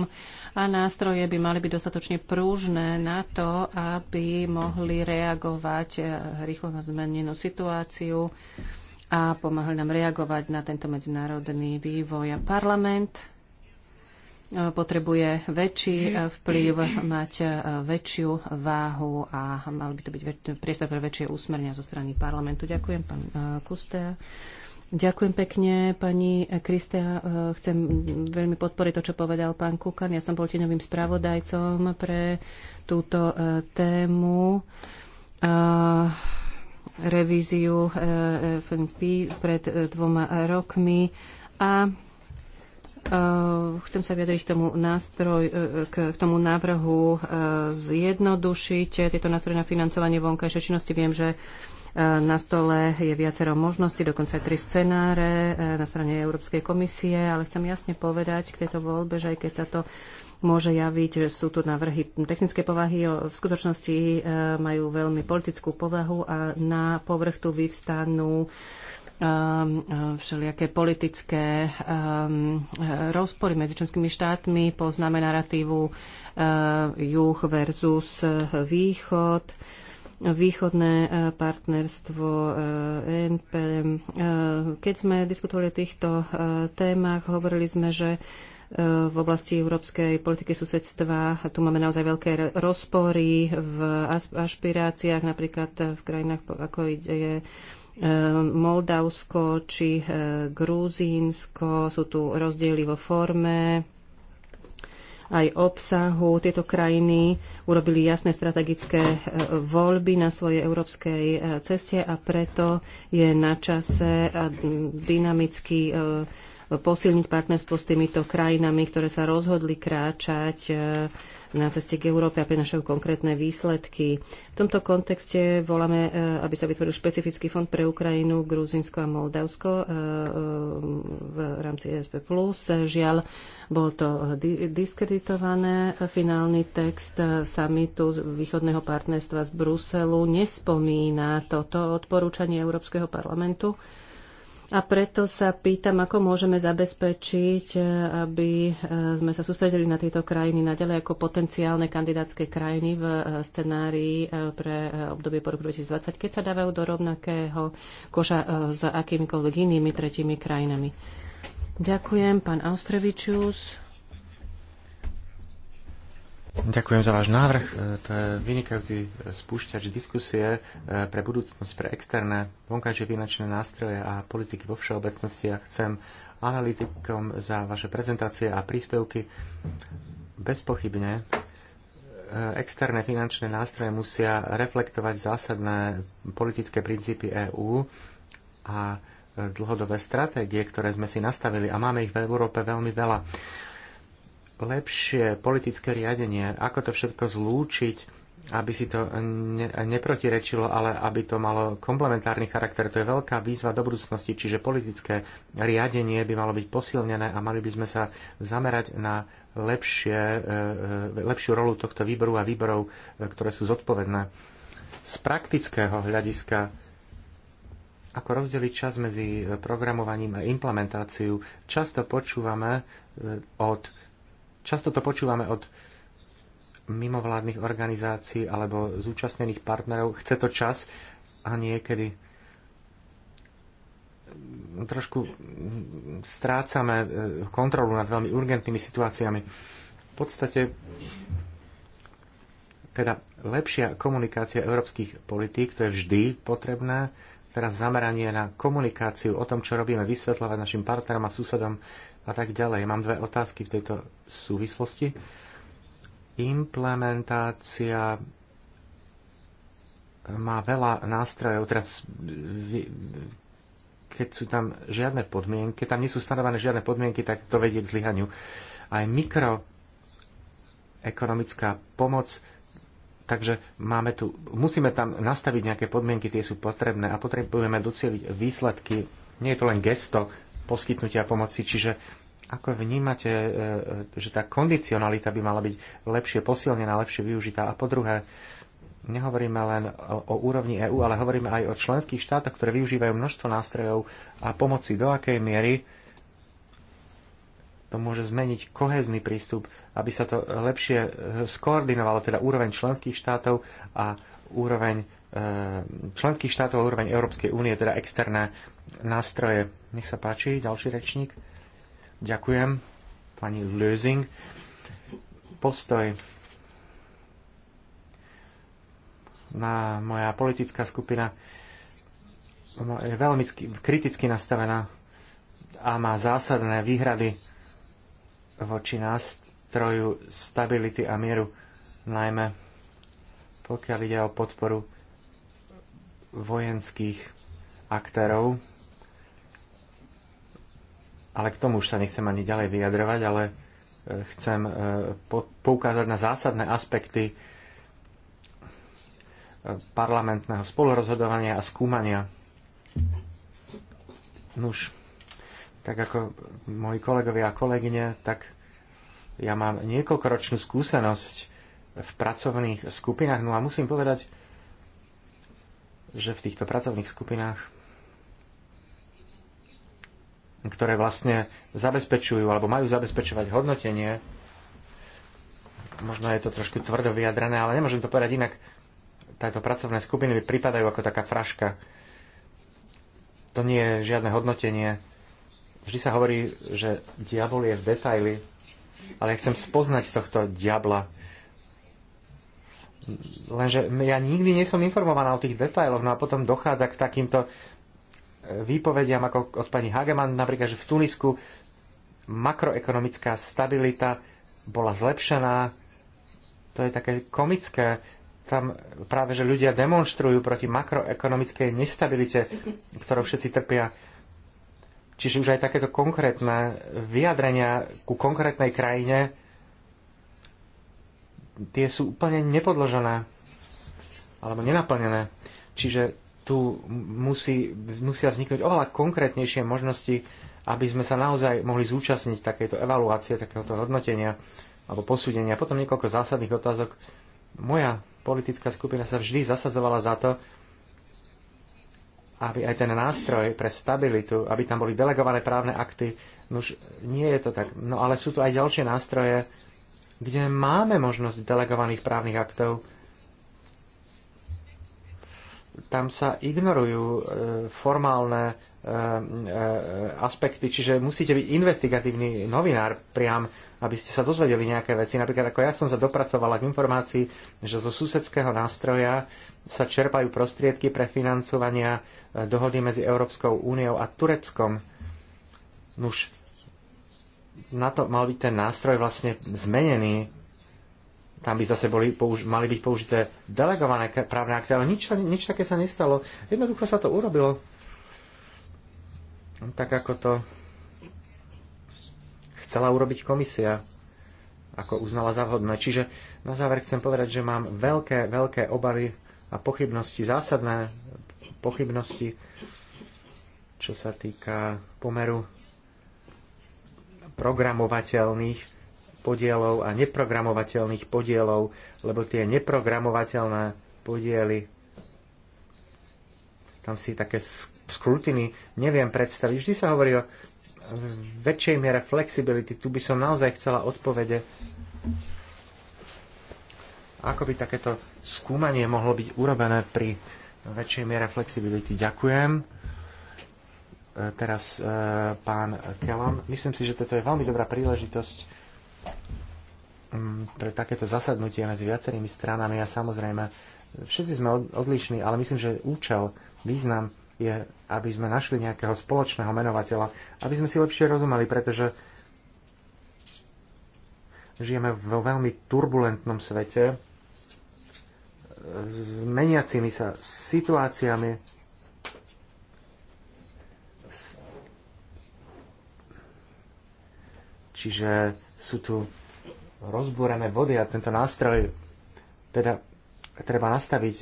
a nástroje by mali byť dostatočne prúžne na to, aby mohli reagovať eh, rýchlo na zmenenú situáciu a pomáhali nám reagovať na tento medzinárodný vývoj. A parlament potrebuje väčší eh, mm-hmm. vplyv, mať eh, väčšiu váhu a mal by to byť priestor pre väčšie úsmernia zo strany parlamentu. Ďakujem, pán eh, Kustea. Ďakujem pekne, pani Kristea. Chcem veľmi podporiť to, čo povedal pán Kukan. Ja som bol tieňovým spravodajcom pre túto tému. Revíziu FNP pred dvoma rokmi. A Eh, chcem sa vyjadriť k tomu, nástroj, eh, k tomu návrhu eh, zjednodušiť tieto nástroje na financovanie vonkajšej činnosti. Viem, že na stole je viacero možností, dokonca aj tri scenáre na strane Európskej komisie, ale chcem jasne povedať k tejto voľbe, že aj keď sa to môže javiť, že sú tu návrhy technické povahy, v skutočnosti majú veľmi politickú povahu a na povrch tu vyvstanú Ehm, ehm, všelijaké politické ehm, rozpory medzi členskými štátmi. Poznáme narratívu juh versus eh, východ východné eh, partnerstvo eh, NPM. Keď sme diskutovali o týchto témach, hovorili sme, že v oblasti európskej politiky susedstva. Tu máme naozaj veľké rozpory v aspiráciách, napríklad v krajinách, ako je E, Moldavsko či e, Gruzínsko. Sú tu rozdiely vo forme aj obsahu. Tieto krajiny urobili jasné strategické e, voľby na svojej európskej ceste a preto je na čase dynamicky posilniť partnerstvo s týmito krajinami, ktoré sa rozhodli kráčať na ceste k Európe a prinašajú konkrétne výsledky. V tomto kontexte voláme, e, aby sa vytvoril špecifický fond pre Ukrajinu, Gruzinsko a Moldavsko e, e, v rámci ESP+. Žiaľ, bol to diskreditované. Finálny text samitu východného partnerstva z Bruselu nespomína toto odporúčanie Európskeho parlamentu a preto sa pýtam, ako môžeme zabezpečiť, eh, aby eh, sme sa sústredili na tieto krajiny naďalej ako potenciálne kandidátske krajiny v eh, scenárii pre obdobie po roku 2020, keď sa dávajú do rovnakého koša s akýmikoľvek inými tretími krajinami. Ďakujem, pán Austrevičius. Ďakujem za váš návrh. E, to je vynikajúci e, spúšťač diskusie e, pre budúcnosť, pre externé vonkajšie finančné nástroje a politiky vo všeobecnosti. Ja chcem analytikom za vaše prezentácie a príspevky. Bezpochybne externé finančné nástroje musia reflektovať zásadné politické princípy EÚ a dlhodobé stratégie, ktoré sme si nastavili a máme ich v Európe veľmi veľa lepšie politické riadenie, ako to všetko zlúčiť, aby si to ne, neprotirečilo, ale aby to malo komplementárny charakter. To je veľká výzva do budúcnosti, čiže politické riadenie by malo byť posilnené a mali by sme sa zamerať na lepšie, e, e, lepšiu rolu tohto výboru a výborov, e, ktoré sú zodpovedné. Z praktického hľadiska ako rozdeliť čas medzi programovaním a implementáciou. Často počúvame od Často to počúvame od mimovládnych organizácií alebo zúčastnených partnerov. Chce to čas a niekedy trošku strácame e, kontrolu nad veľmi urgentnými situáciami. V podstate teda lepšia komunikácia európskych politík, to je vždy potrebné. Teraz zameranie na komunikáciu o tom, čo robíme, vysvetľovať našim partnerom a susedom, a tak ďalej. Mám dve otázky v tejto súvislosti. Implementácia má veľa nástrojov. Teraz, keď sú tam žiadne podmienky, tam nie sú stanovené žiadne podmienky, tak to vedie k zlyhaniu. Aj mikroekonomická pomoc Takže máme tu, musíme tam nastaviť nejaké podmienky, tie sú potrebné a potrebujeme docieliť výsledky. Nie je to len gesto, poskytnutia pomoci. Čiže ako vnímate, e, e, že tá kondicionalita by mala byť lepšie posilnená, lepšie využitá? A po druhé, nehovoríme len o úrovni EÚ, ale hovoríme aj o členských štátoch, ktoré využívajú množstvo nástrojov a pomoci. Do akej miery to môže zmeniť kohezný prístup, aby sa to lepšie e, skoordinovalo, teda úroveň členských štátov a úroveň členských štátov a úroveň Európskej únie, teda externé nástroje. Nech sa páči, ďalší rečník. Ďakujem, pani Lösing. Postoj na moja politická skupina je veľmi kriticky nastavená a má zásadné výhrady voči nástroju stability a mieru, najmä pokiaľ ide o podporu vojenských aktérov ale k tomu už sa nechcem ani ďalej vyjadrovať, ale e, chcem e, poukázať na zásadné aspekty e, parlamentného spolurozhodovania a skúmania. Nuž, tak ako moji kolegovia a kolegyne, tak ja mám niekoľkoročnú skúsenosť v pracovných skupinách. No a musím povedať, že v týchto pracovných skupinách ktoré vlastne zabezpečujú alebo majú zabezpečovať hodnotenie. Možno je to trošku tvrdo vyjadrené, ale nemôžem to povedať inak. Tieto pracovné skupiny mi pripadajú ako taká fraška. To nie je žiadne hodnotenie. Vždy sa hovorí, že diabol je v detaily, ale ja chcem spoznať tohto diabla. Lenže ja nikdy nie som informovaná o tých detailoch, no a potom dochádza k takýmto výpovediam ako od pani Hageman, napríklad, že v Tunisku makroekonomická stabilita bola zlepšená. To je také komické. Tam práve, že ľudia demonstrujú proti makroekonomickej nestabilite, ktorou všetci trpia. Čiže už aj takéto konkrétne vyjadrenia ku konkrétnej krajine, tie sú úplne nepodložené alebo nenaplnené. Čiže tu musí, musia vzniknúť oveľa konkrétnejšie možnosti, aby sme sa naozaj mohli zúčastniť takéto evaluácie, takéhoto hodnotenia alebo posúdenia. Potom niekoľko zásadných otázok. Moja politická skupina sa vždy zasadzovala za to, aby aj ten nástroj pre stabilitu, aby tam boli delegované právne akty, no už nie je to tak. No ale sú tu aj ďalšie nástroje, kde máme možnosť delegovaných právnych aktov, tam sa ignorujú e, formálne e, e, aspekty, čiže musíte byť investigatívny novinár priam, aby ste sa dozvedeli nejaké veci. Napríklad ako ja som sa dopracovala k informácii, že zo susedského nástroja sa čerpajú prostriedky pre financovania dohody medzi Európskou úniou a Tureckom. Nuž, na to mal byť ten nástroj vlastne zmenený tam by zase boli, použ- mali byť použité delegované právne akty, ale nič, nič také sa nestalo. Jednoducho sa to urobilo. Tak ako to chcela urobiť komisia, ako uznala za vhodné. Čiže na záver chcem povedať, že mám veľké, veľké obavy a pochybnosti, zásadné pochybnosti, čo sa týka pomeru programovateľných podielov a neprogramovateľných podielov, lebo tie neprogramovateľné podiely, tam si také skrutiny neviem predstaviť. Vždy sa hovorí o väčšej miere flexibility. Tu by som naozaj chcela odpovede, ako by takéto skúmanie mohlo byť urobené pri väčšej miere flexibility. Ďakujem e, teraz e, pán Kelon. Myslím si, že toto je veľmi dobrá príležitosť Mm, pre takéto zasadnutie medzi viacerými stranami a samozrejme všetci sme odlišní, ale myslím, že účel, význam je, aby sme našli nejakého spoločného menovateľa, aby sme si lepšie rozumeli, pretože žijeme vo veľmi turbulentnom svete e, s meniacimi sa situáciami, čiže sú tu rozbúrené vody a tento nástroj teda treba nastaviť,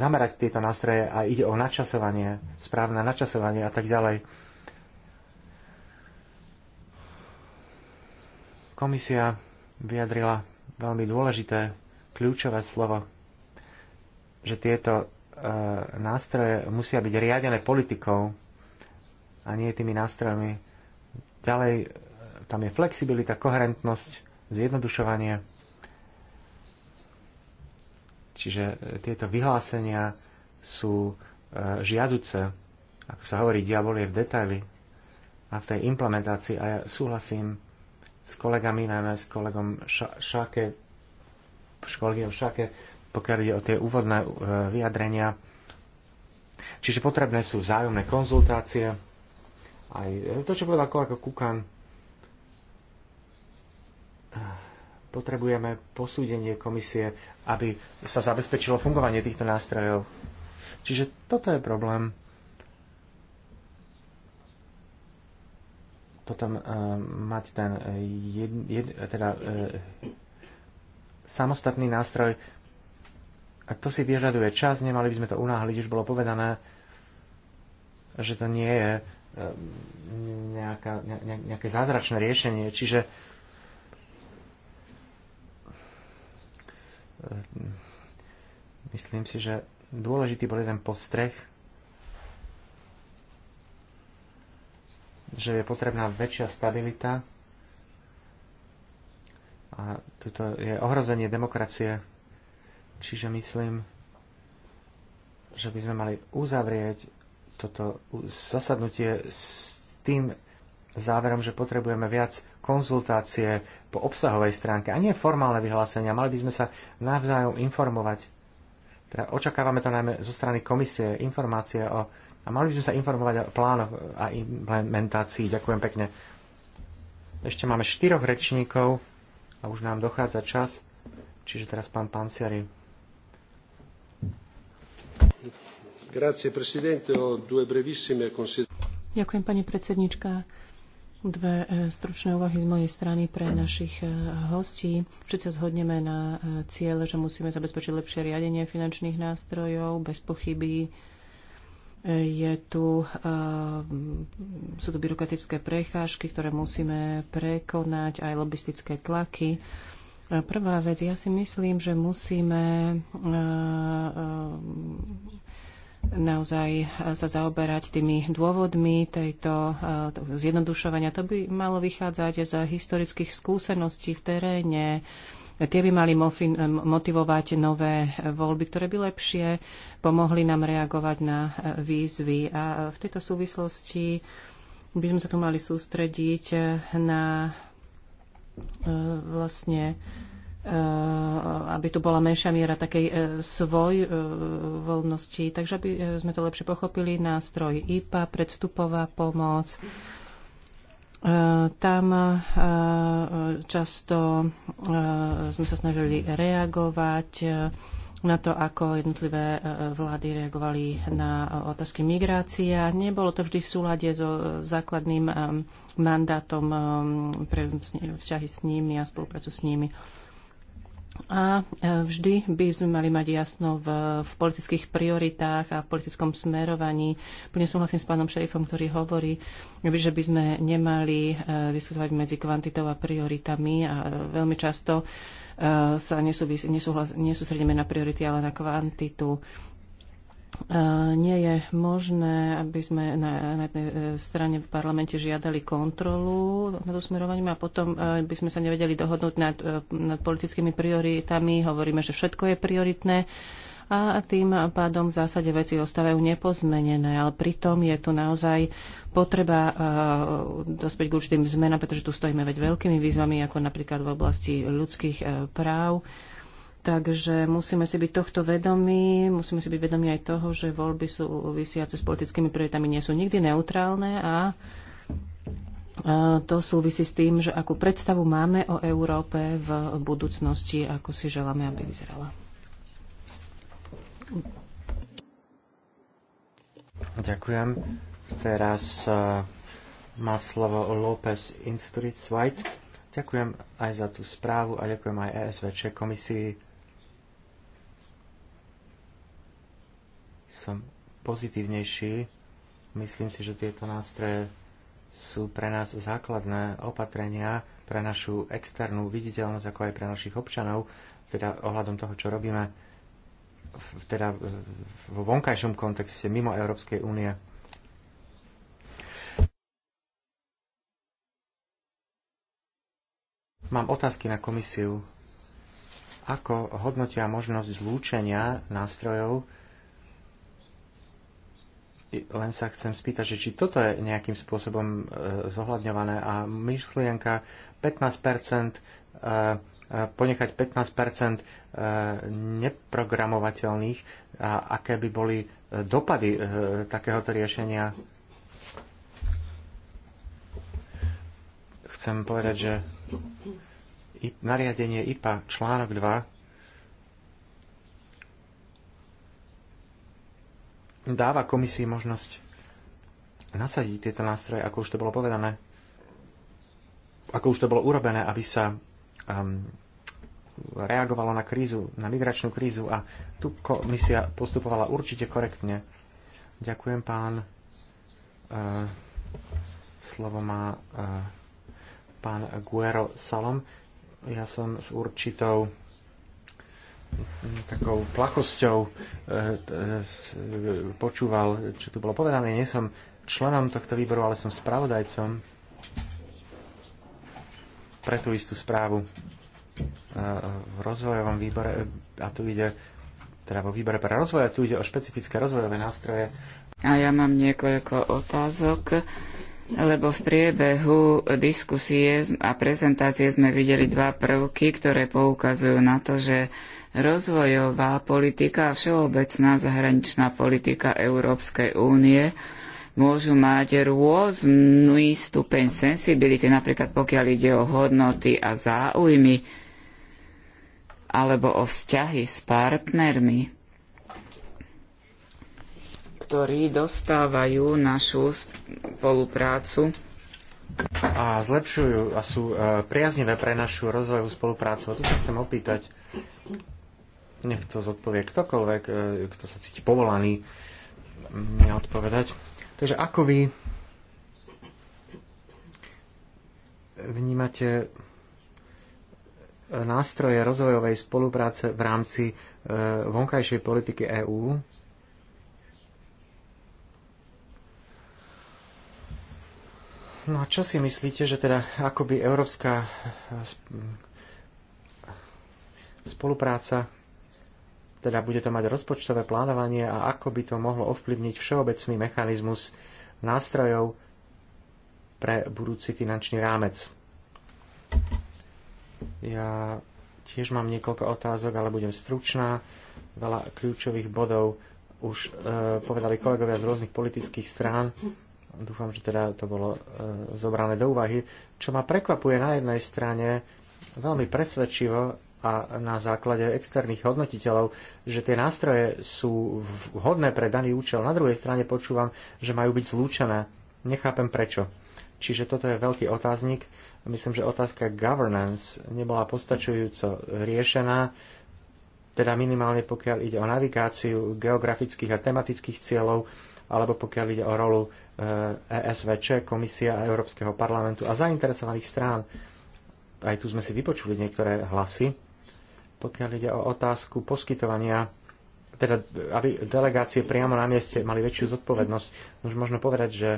zamerať tieto nástroje a ide o načasovanie, správne načasovanie a tak ďalej. Komisia vyjadrila veľmi dôležité, kľúčové slovo, že tieto e, nástroje musia byť riadené politikou a nie tými nástrojmi. Ďalej tam je flexibilita, koherentnosť, zjednodušovanie. Čiže e, tieto vyhlásenia sú e, žiaduce. Ako sa hovorí, diabol je v detaily a v tej implementácii. A ja súhlasím s kolegami, najmä s kolegom Šáke, školgiem Šáke, pokiaľ ide o tie úvodné e, vyjadrenia. Čiže potrebné sú vzájomné konzultácie. Aj to, čo povedal kolega Kukan, potrebujeme posúdenie komisie, aby sa zabezpečilo fungovanie týchto nástrojov. Čiže toto je problém. Potom uh, mať ten eh, jed, jed, teda, uh, samostatný nástroj, a to si vyžaduje čas, nemali by sme to unáhliť, už bolo povedané, že to nie je uh, nejaká, ne, nejaké zázračné riešenie. Čiže uh, Myslím si, že dôležitý bol jeden postreh, že je potrebná väčšia stabilita a tuto je ohrozenie demokracie. Čiže myslím, že by sme mali uzavrieť toto zasadnutie s tým záverom, že potrebujeme viac konzultácie po obsahovej stránke a nie formálne vyhlásenia. Mali by sme sa navzájom informovať. Teda očakávame to najmä zo strany komisie, informácie o... A mali by sme sa informovať o plánoch a implementácii. Ďakujem pekne. Ešte máme štyroch rečníkov a už nám dochádza čas. Čiže teraz pán Pansiari. Grazie, Ďakujem, pani predsednička. Dve e, stručné úvahy z mojej strany pre našich e, hostí. Všetci zhodneme na e, cieľ, že musíme zabezpečiť lepšie riadenie finančných nástrojov. Bez pochyby je tu, sú tu byrokratické prechážky, ktoré musíme prekonať, aj lobistické tlaky. Prvá vec, ja si myslím, že musíme naozaj e, sa zaoberať tými dôvodmi tejto e, zjednodušovania. To by malo vychádzať z historických skúseností v teréne. Tie by mali motivovať nové voľby, ktoré by lepšie pomohli nám reagovať na e, výzvy. A v tejto súvislosti by sme sa tu mali sústrediť na vlastne Eh, aby tu bola menšia miera takej eh, svoj eh, voľnosti. Takže aby sme to lepšie pochopili, nástroj IPA, predstupová pomoc. Tam často sme sa snažili reagovať na to, ako jednotlivé vlády reagovali na otázky migrácia. Nebolo to vždy v súlade so základným mandátom pre vzťahy s nimi a spoluprácu s nimi. A e, vždy by sme mali mať jasno v, v politických prioritách a v politickom smerovaní. Plne súhlasím s pánom šerifom, ktorý hovorí, že by sme nemali e, diskutovať medzi kvantitou a prioritami a e, veľmi často sa nesúvis, nesúhlas, nesústredíme na priority, ale na kvantitu. E, nie je možné, aby sme na, na jednej e, strane v parlamente žiadali kontrolu nad usmerovaním a potom e, by sme sa nevedeli dohodnúť nad, nad politickými prioritami. Hovoríme, že všetko je prioritné a tým pádom v zásade veci ostávajú nepozmenené, ale pritom je tu naozaj potreba dospieť k určitým zmenám, pretože tu stojíme veď veľkými výzvami, ako napríklad v oblasti ľudských práv Takže musíme si byť tohto vedomí, musíme si byť vedomí aj toho, že voľby sú vysiace s politickými prioritami nie sú nikdy neutrálne a to súvisí s tým, že akú predstavu máme o Európe v budúcnosti, ako si želáme, aby vyzerala. Ďakujem. Teraz e, má slovo López Instruits White. Ďakujem aj za tú správu a ďakujem aj ESVČ komisii som pozitívnejší. Myslím si, že tieto nástroje sú pre nás základné opatrenia pre našu externú viditeľnosť, ako aj pre našich občanov, teda ohľadom toho, čo robíme teda vo vonkajšom kontexte mimo Európskej únie. Mám otázky na komisiu. Ako hodnotia možnosť zlúčenia nástrojov len sa chcem spýtať, že či toto je nejakým spôsobom e, zohľadňované a myšlienka 15 e, e, ponechať 15 neprogramovateľných a aké by boli dopady takéhoto riešenia. Chcem povedať, že nariadenie IPA článok 2 dáva komisii možnosť nasadiť tieto nástroje, ako už to bolo povedané, ako už to bolo urobené, aby sa um, reagovalo na krízu, na migračnú krízu a tu komisia postupovala určite korektne. Ďakujem, pán. Uh, slovo má uh, pán Guero Salom. Ja som s určitou takou plachosťou eh, eh, počúval, čo tu bolo povedané. Nie som členom tohto výboru, ale som spravodajcom pre tú istú správu eh, v rozvojovom výbore a tu ide teda vo výbore pre rozvoj a tu ide o špecifické rozvojové nástroje. A ja mám niekoľko otázok, lebo v priebehu diskusie a prezentácie sme videli dva prvky, ktoré poukazujú na to, že Rozvojová politika a všeobecná zahraničná politika Európskej únie môžu mať rôzny stupeň sensibility, napríklad pokiaľ ide o hodnoty a záujmy alebo o vzťahy s partnermi ktorí dostávajú našu spoluprácu a zlepšujú a sú e, priaznivé pre našu rozvojovú spoluprácu. A tu sa chcem opýtať, nech to zodpovie ktokoľvek, e, kto sa cíti povolaný mňa odpovedať. Takže ako vy vnímate e, nástroje rozvojovej spolupráce v rámci e, vonkajšej politiky EÚ? No a čo si myslíte, že teda ako by európska spolupráca teda bude to mať rozpočtové plánovanie a ako by to mohlo ovplyvniť všeobecný mechanizmus nástrojov pre budúci finančný rámec. Ja tiež mám niekoľko otázok, ale budem stručná. Veľa kľúčových bodov už e, povedali kolegovia z rôznych politických strán. Dúfam, že teda to bolo e, zobrané do úvahy. Čo ma prekvapuje na jednej strane veľmi presvedčivo a na základe externých hodnotiteľov, že tie nástroje sú vhodné pre daný účel. Na druhej strane počúvam, že majú byť zlúčené. Nechápem prečo. Čiže toto je veľký otáznik. Myslím, že otázka governance nebola postačujúco riešená, teda minimálne pokiaľ ide o navigáciu geografických a tematických cieľov, alebo pokiaľ ide o rolu ESVČ, eh, e Komisia Európskeho parlamentu a zainteresovaných strán. Aj tu sme si vypočuli niektoré hlasy pokiaľ ide o otázku poskytovania, teda aby delegácie priamo na mieste mali väčšiu zodpovednosť, už možno povedať, že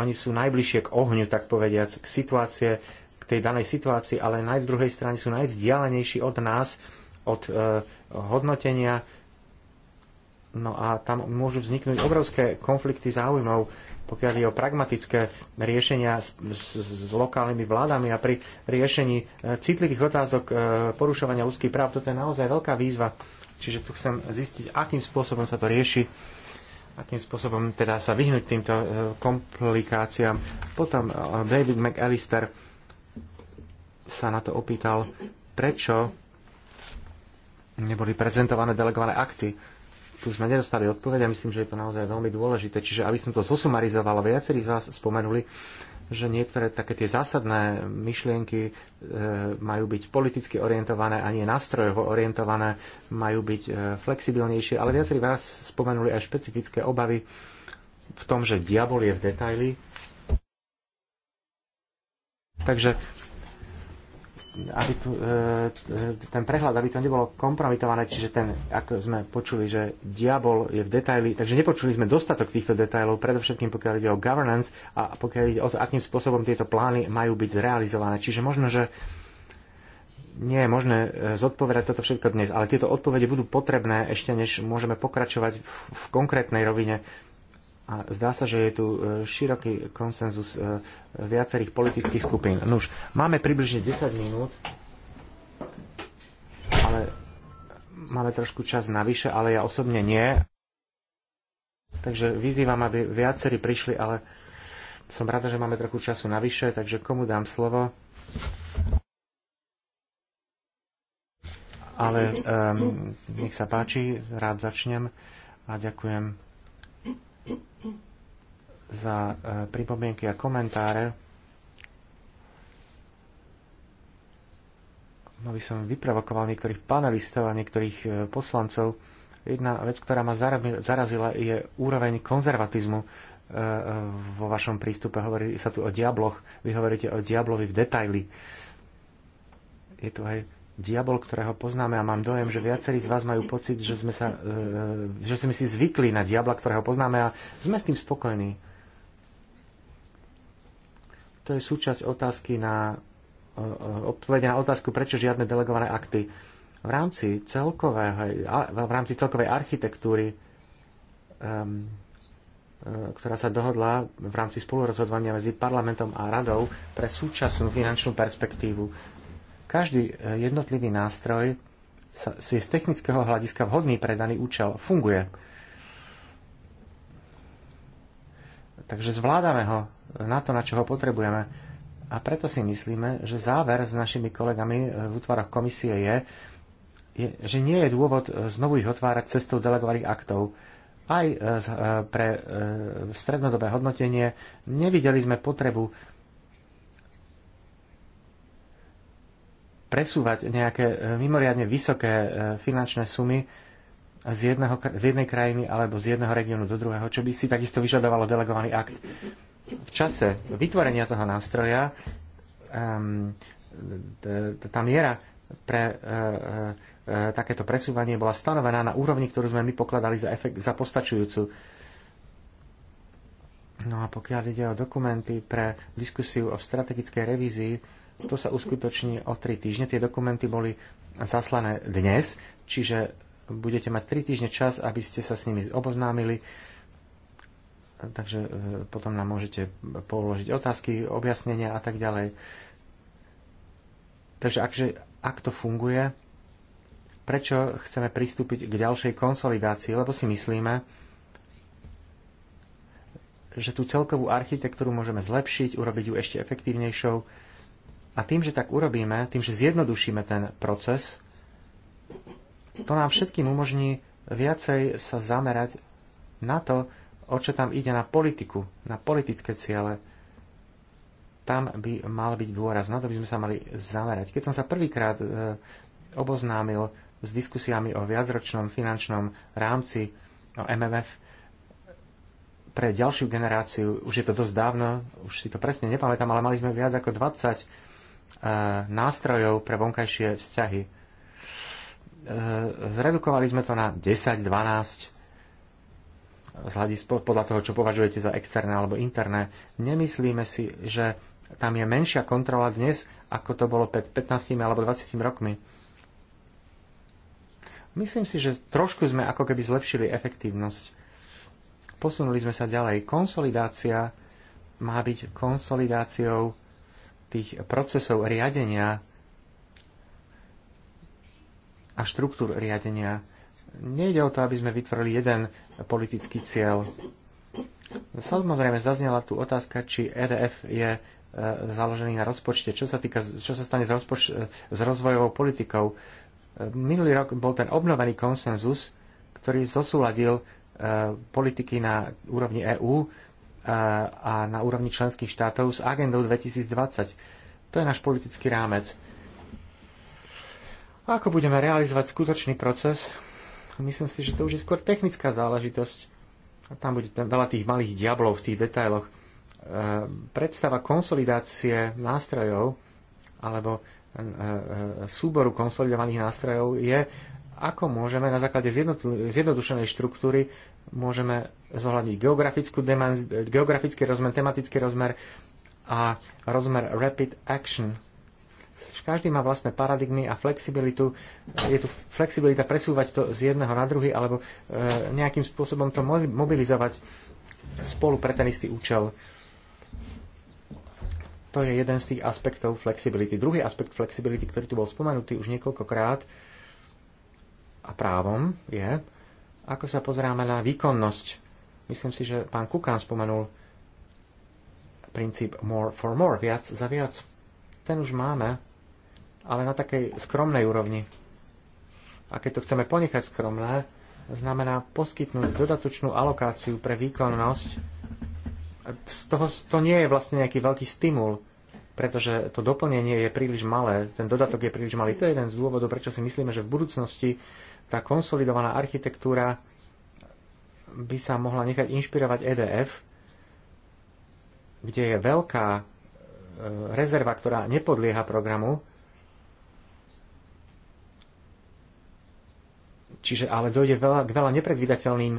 oni sú najbližšie k ohňu, tak povediac, k situácie, k tej danej situácii, ale na druhej strane sú najvzdialenejší od nás, od e, hodnotenia. No a tam môžu vzniknúť obrovské konflikty záujmov pokiaľ je o pragmatické riešenia s, s, s lokálnymi vládami a pri riešení e, citlivých otázok e, porušovania ľudských práv. Toto je naozaj veľká výzva, čiže tu chcem zistiť, akým spôsobom sa to rieši akým spôsobom teda sa vyhnúť týmto e, komplikáciám. Potom David McAllister sa na to opýtal, prečo neboli prezentované delegované akty tu sme nedostali odpoveď a myslím, že je to naozaj veľmi dôležité. Čiže aby som to zosumarizoval, viacerí z vás spomenuli, že niektoré také tie zásadné myšlienky e, majú byť politicky orientované a nie nástrojovo orientované, majú byť e, flexibilnejšie, ale viacerí vás spomenuli aj špecifické obavy v tom, že diabol je v detaily. Takže aby tu, e, e, ten prehľad, aby to nebolo kompromitované, čiže ten, ako sme počuli, že diabol je v detaili, takže nepočuli sme dostatok týchto detailov, predovšetkým pokiaľ ide o governance a pokiaľ ide o to, akým spôsobom tieto plány majú byť zrealizované. Čiže možno, že nie je možné e, zodpovedať toto všetko dnes, ale tieto odpovede budú potrebné ešte, než môžeme pokračovať v, v konkrétnej rovine a zdá sa, že je tu e, široký konsenzus e, viacerých politických skupín. Nuž, máme približne 10 minút, ale máme trošku čas navyše, ale ja osobne nie. Takže vyzývam, aby viacerí prišli, ale som rada, že máme trochu času navyše, takže komu dám slovo? Ale um, nech sa páči, rád začnem a ďakujem za e, pripomienky a komentáre. No by som vyprovokoval niektorých panelistov a niektorých e, poslancov. Jedna vec, ktorá ma zarazila, je úroveň konzervatizmu e, vo vašom prístupe. Hovorí sa tu o diabloch. Vy hovoríte o diablovi v detaily. Je tu aj diabol, ktorého poznáme a mám dojem, že viacerí z vás majú pocit, že sme, sa, e, že sme si zvykli na diabla, ktorého poznáme a sme s tým spokojní. To je súčasť otázky na e, e, odpovede na otázku, prečo žiadne delegované akty. V rámci, celkového, v rámci celkovej architektúry, ktorá sa dohodla v rámci spolurozhodovania medzi parlamentom a radou pre súčasnú finančnú perspektívu každý e, jednotlivý nástroj si z technického hľadiska vhodný pre daný účel funguje. Takže zvládame ho na to, na čo ho potrebujeme. A preto si myslíme, že záver s našimi kolegami e, v útvaroch komisie je, je že nie je dôvod e, znovu ich otvárať cestou delegovaných aktov. Aj pre strednodobé hodnotenie nevideli sme potrebu presúvať nejaké e, mimoriadne vysoké e, finančné sumy z, jedného, z jednej krajiny alebo z jedného regiónu do druhého, čo by si takisto vyžadovalo delegovaný akt. V čase vytvorenia toho nástroja um, tá miera pre uh, uh, takéto presúvanie bola stanovená na úrovni, ktorú sme my pokladali za, efekt, za postačujúcu. No a pokiaľ ide o dokumenty pre diskusiu o strategickej revízii, to sa uskutoční o 3 týždne. Tie dokumenty boli zaslané dnes, čiže budete mať 3 týždne čas, aby ste sa s nimi oboznámili. Takže e, potom nám môžete položiť otázky, objasnenia a tak ďalej. Takže akže, ak to funguje, prečo chceme pristúpiť k ďalšej konsolidácii? Lebo si myslíme, že tú celkovú architektúru môžeme zlepšiť, urobiť ju ešte efektívnejšou a tým, že tak urobíme, tým, že zjednodušíme ten proces, to nám všetkým umožní viacej sa zamerať na to, o čo tam ide na politiku, na politické ciele. Tam by mal byť dôraz, na to by sme sa mali zamerať. Keď som sa prvýkrát e, oboznámil s diskusiami o viacročnom finančnom rámci, o MMF, pre ďalšiu generáciu, už je to dosť dávno, už si to presne nepamätám, ale mali sme viac ako 20 E, nástrojov pre vonkajšie vzťahy. E, zredukovali sme to na 10-12 z hľadiska podľa toho, čo považujete za externé alebo interné. Nemyslíme si, že tam je menšia kontrola dnes, ako to bolo pred 15 alebo 20 rokmi. Myslím si, že trošku sme ako keby zlepšili efektívnosť. Posunuli sme sa ďalej. Konsolidácia má byť konsolidáciou tých procesov riadenia a štruktúr riadenia. Nejde o to, aby sme vytvorili jeden politický cieľ. Samozrejme, zaznela tu otázka, či EDF je e, založený na rozpočte. Čo sa, týka, čo sa stane s, rozpoč- s rozvojovou politikou? E, minulý rok bol ten obnovený konsenzus, ktorý zosúladil e, politiky na úrovni EÚ a na úrovni členských štátov s agendou 2020. To je náš politický rámec. A Ako budeme realizovať skutočný proces? Myslím si, že to už je skôr technická záležitosť. A tam bude tam veľa tých malých diablov v tých detailoch. E, predstava konsolidácie nástrojov alebo e, e súboru konsolidovaných nástrojov je, ako môžeme na základe zjednodušenej štruktúry môžeme zohľadniť geografický rozmer, tematický rozmer a rozmer rapid action. Každý má vlastné paradigmy a flexibilitu. Je tu flexibilita presúvať to z jedného na druhý alebo e, nejakým spôsobom to mobilizovať spolu pre ten istý účel. To je jeden z tých aspektov flexibility. Druhý aspekt flexibility, ktorý tu bol spomenutý už niekoľkokrát a právom, je, ako sa pozeráme na výkonnosť. Myslím si, že pán Kukán spomenul princíp more for more, viac za viac. Ten už máme, ale na takej skromnej úrovni. A keď to chceme ponechať skromné, znamená poskytnúť dodatočnú alokáciu pre výkonnosť. Z toho to nie je vlastne nejaký veľký stimul, pretože to doplnenie je príliš malé, ten dodatok je príliš malý. To je jeden z dôvodov, prečo si myslíme, že v budúcnosti tá konsolidovaná architektúra by sa mohla nechať inšpirovať EDF, kde je veľká e, rezerva, ktorá nepodlieha programu, čiže ale dojde veľa, k veľa nepredvídateľným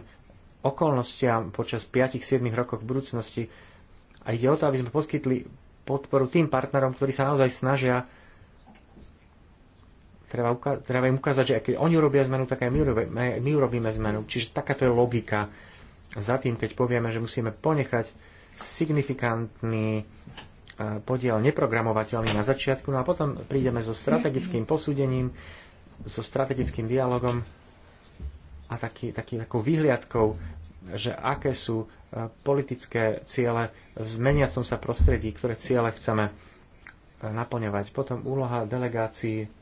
okolnostiam počas 5-7 rokov v budúcnosti a ide o to, aby sme poskytli podporu tým partnerom, ktorí sa naozaj snažia Treba, treba im ukázať, že keď oni robia zmenu, tak aj my, robíme, my urobíme zmenu. Čiže takáto je logika za tým, keď povieme, že musíme ponechať signifikantný e, podiel neprogramovateľný na začiatku, no a potom prídeme so strategickým posúdením, so strategickým dialogom a taký, taký, takou vyhliadkou, že aké sú e, politické ciele v zmeniacom sa prostredí, ktoré ciele chceme e, naplňovať. Potom úloha delegácií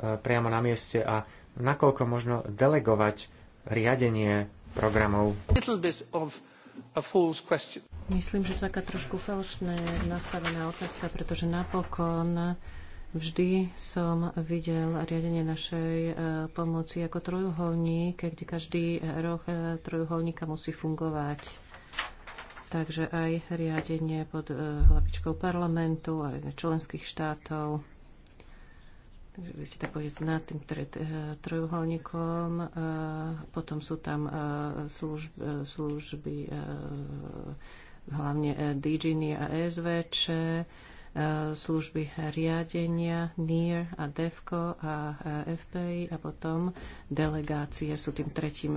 priamo na mieste a nakoľko možno delegovať riadenie programov. Myslím, že to je taká trošku falošne nastavená otázka, pretože napokon vždy som videl riadenie našej e, pomoci ako trojuholník, kde každý roh e, trojuholníka musí fungovať. Takže aj riadenie pod e, hlavičkou parlamentu, aj členských štátov. Takže vy ste tak povedať nad tým eh, trojuholníkom. Eh, potom sú tam eh, služby, služby hlavne DGN a SVČ, služby riadenia NIR a DEFCO a FPI a potom delegácie sú tým tretím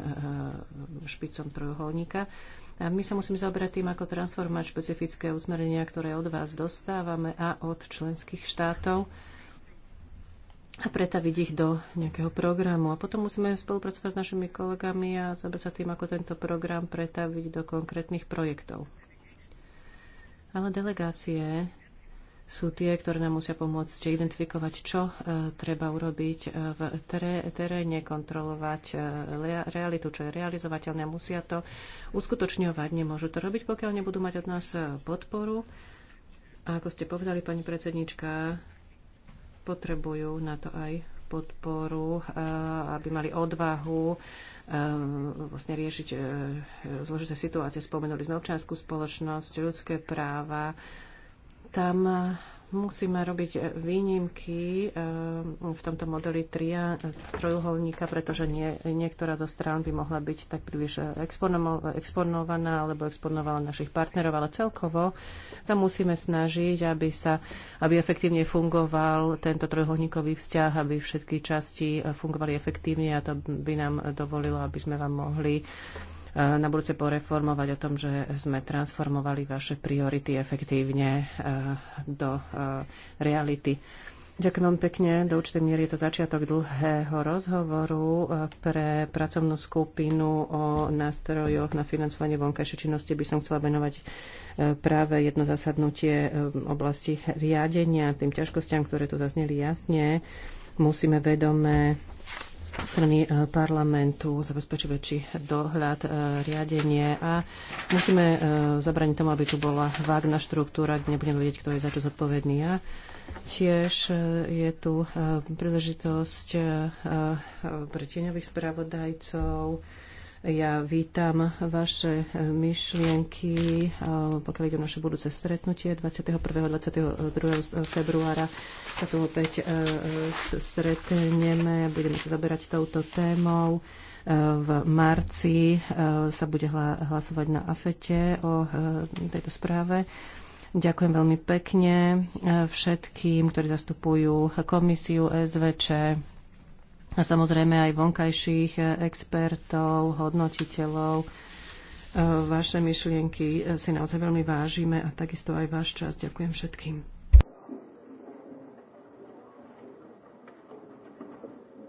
špicom trojuholníka. A my sa musíme zaoberať tým, ako transformovať špecifické usmerenia, ktoré od vás dostávame a od členských štátov a pretaviť ich do nejakého programu. A potom musíme spolupracovať s našimi kolegami a zabrať sa tým, ako tento program pretaviť do konkrétnych projektov. Ale delegácie sú tie, ktoré nám musia pomôcť identifikovať, čo uh, treba urobiť e, v teré, teréne, kontrolovať e, lea, realitu, čo je realizovateľné. Musia to uskutočňovať. Nemôžu to robiť, pokiaľ nebudú mať od nás podporu. A ako ste povedali, pani predsednička, potrebujú na to aj podporu, e, aby mali odvahu e, vlastne riešiť e, zložité situácie. Spomenuli sme občianskú spoločnosť, ľudské práva. Tam Musíme robiť eh, výnimky eh, v tomto modeli tria, eh, trojuholníka, pretože nie, niektorá zo strán by mohla byť tak príliš exponovaná alebo exponovala našich partnerov, ale celkovo sa musíme snažiť, aby, sa, aby efektívne fungoval tento trojuholníkový vzťah, aby všetky časti fungovali efektívne a to by nám dovolilo, aby sme vám mohli na budúce poreformovať o tom, že sme transformovali vaše priority efektívne e, do e, reality. Ďakujem veľmi pekne. Do určitej miery je to začiatok dlhého rozhovoru e, pre pracovnú skupinu o nástrojoch na financovanie vonkajšej činnosti. By som chcela venovať práve jedno zasadnutie oblasti riadenia, tým ťažkostiam, ktoré tu zazneli jasne. Musíme vedome strany e, parlamentu zabezpečiť väčší dohľad, e, riadenie a musíme e, zabraniť tomu, aby tu bola vágna štruktúra, kde nebudeme vedieť, kto je za čo zodpovedný. A tiež je tu príležitosť pre tieňových spravodajcov, ja vítam vaše e, myšlienky, pokiaľ ide o naše budúce stretnutie 21. 22. E, februára. Sa tu opäť e, stretneme, budeme sa zaberať touto témou. V marci sa bude hlasovať na AFETE o tejto správe. Ďakujem veľmi pekne všetkým, ktorí zastupujú komisiu SVČ, a samozrejme aj vonkajších expertov, hodnotiteľov. E, vaše myšlienky e, si naozaj veľmi vážime a takisto aj váš čas. Ďakujem všetkým.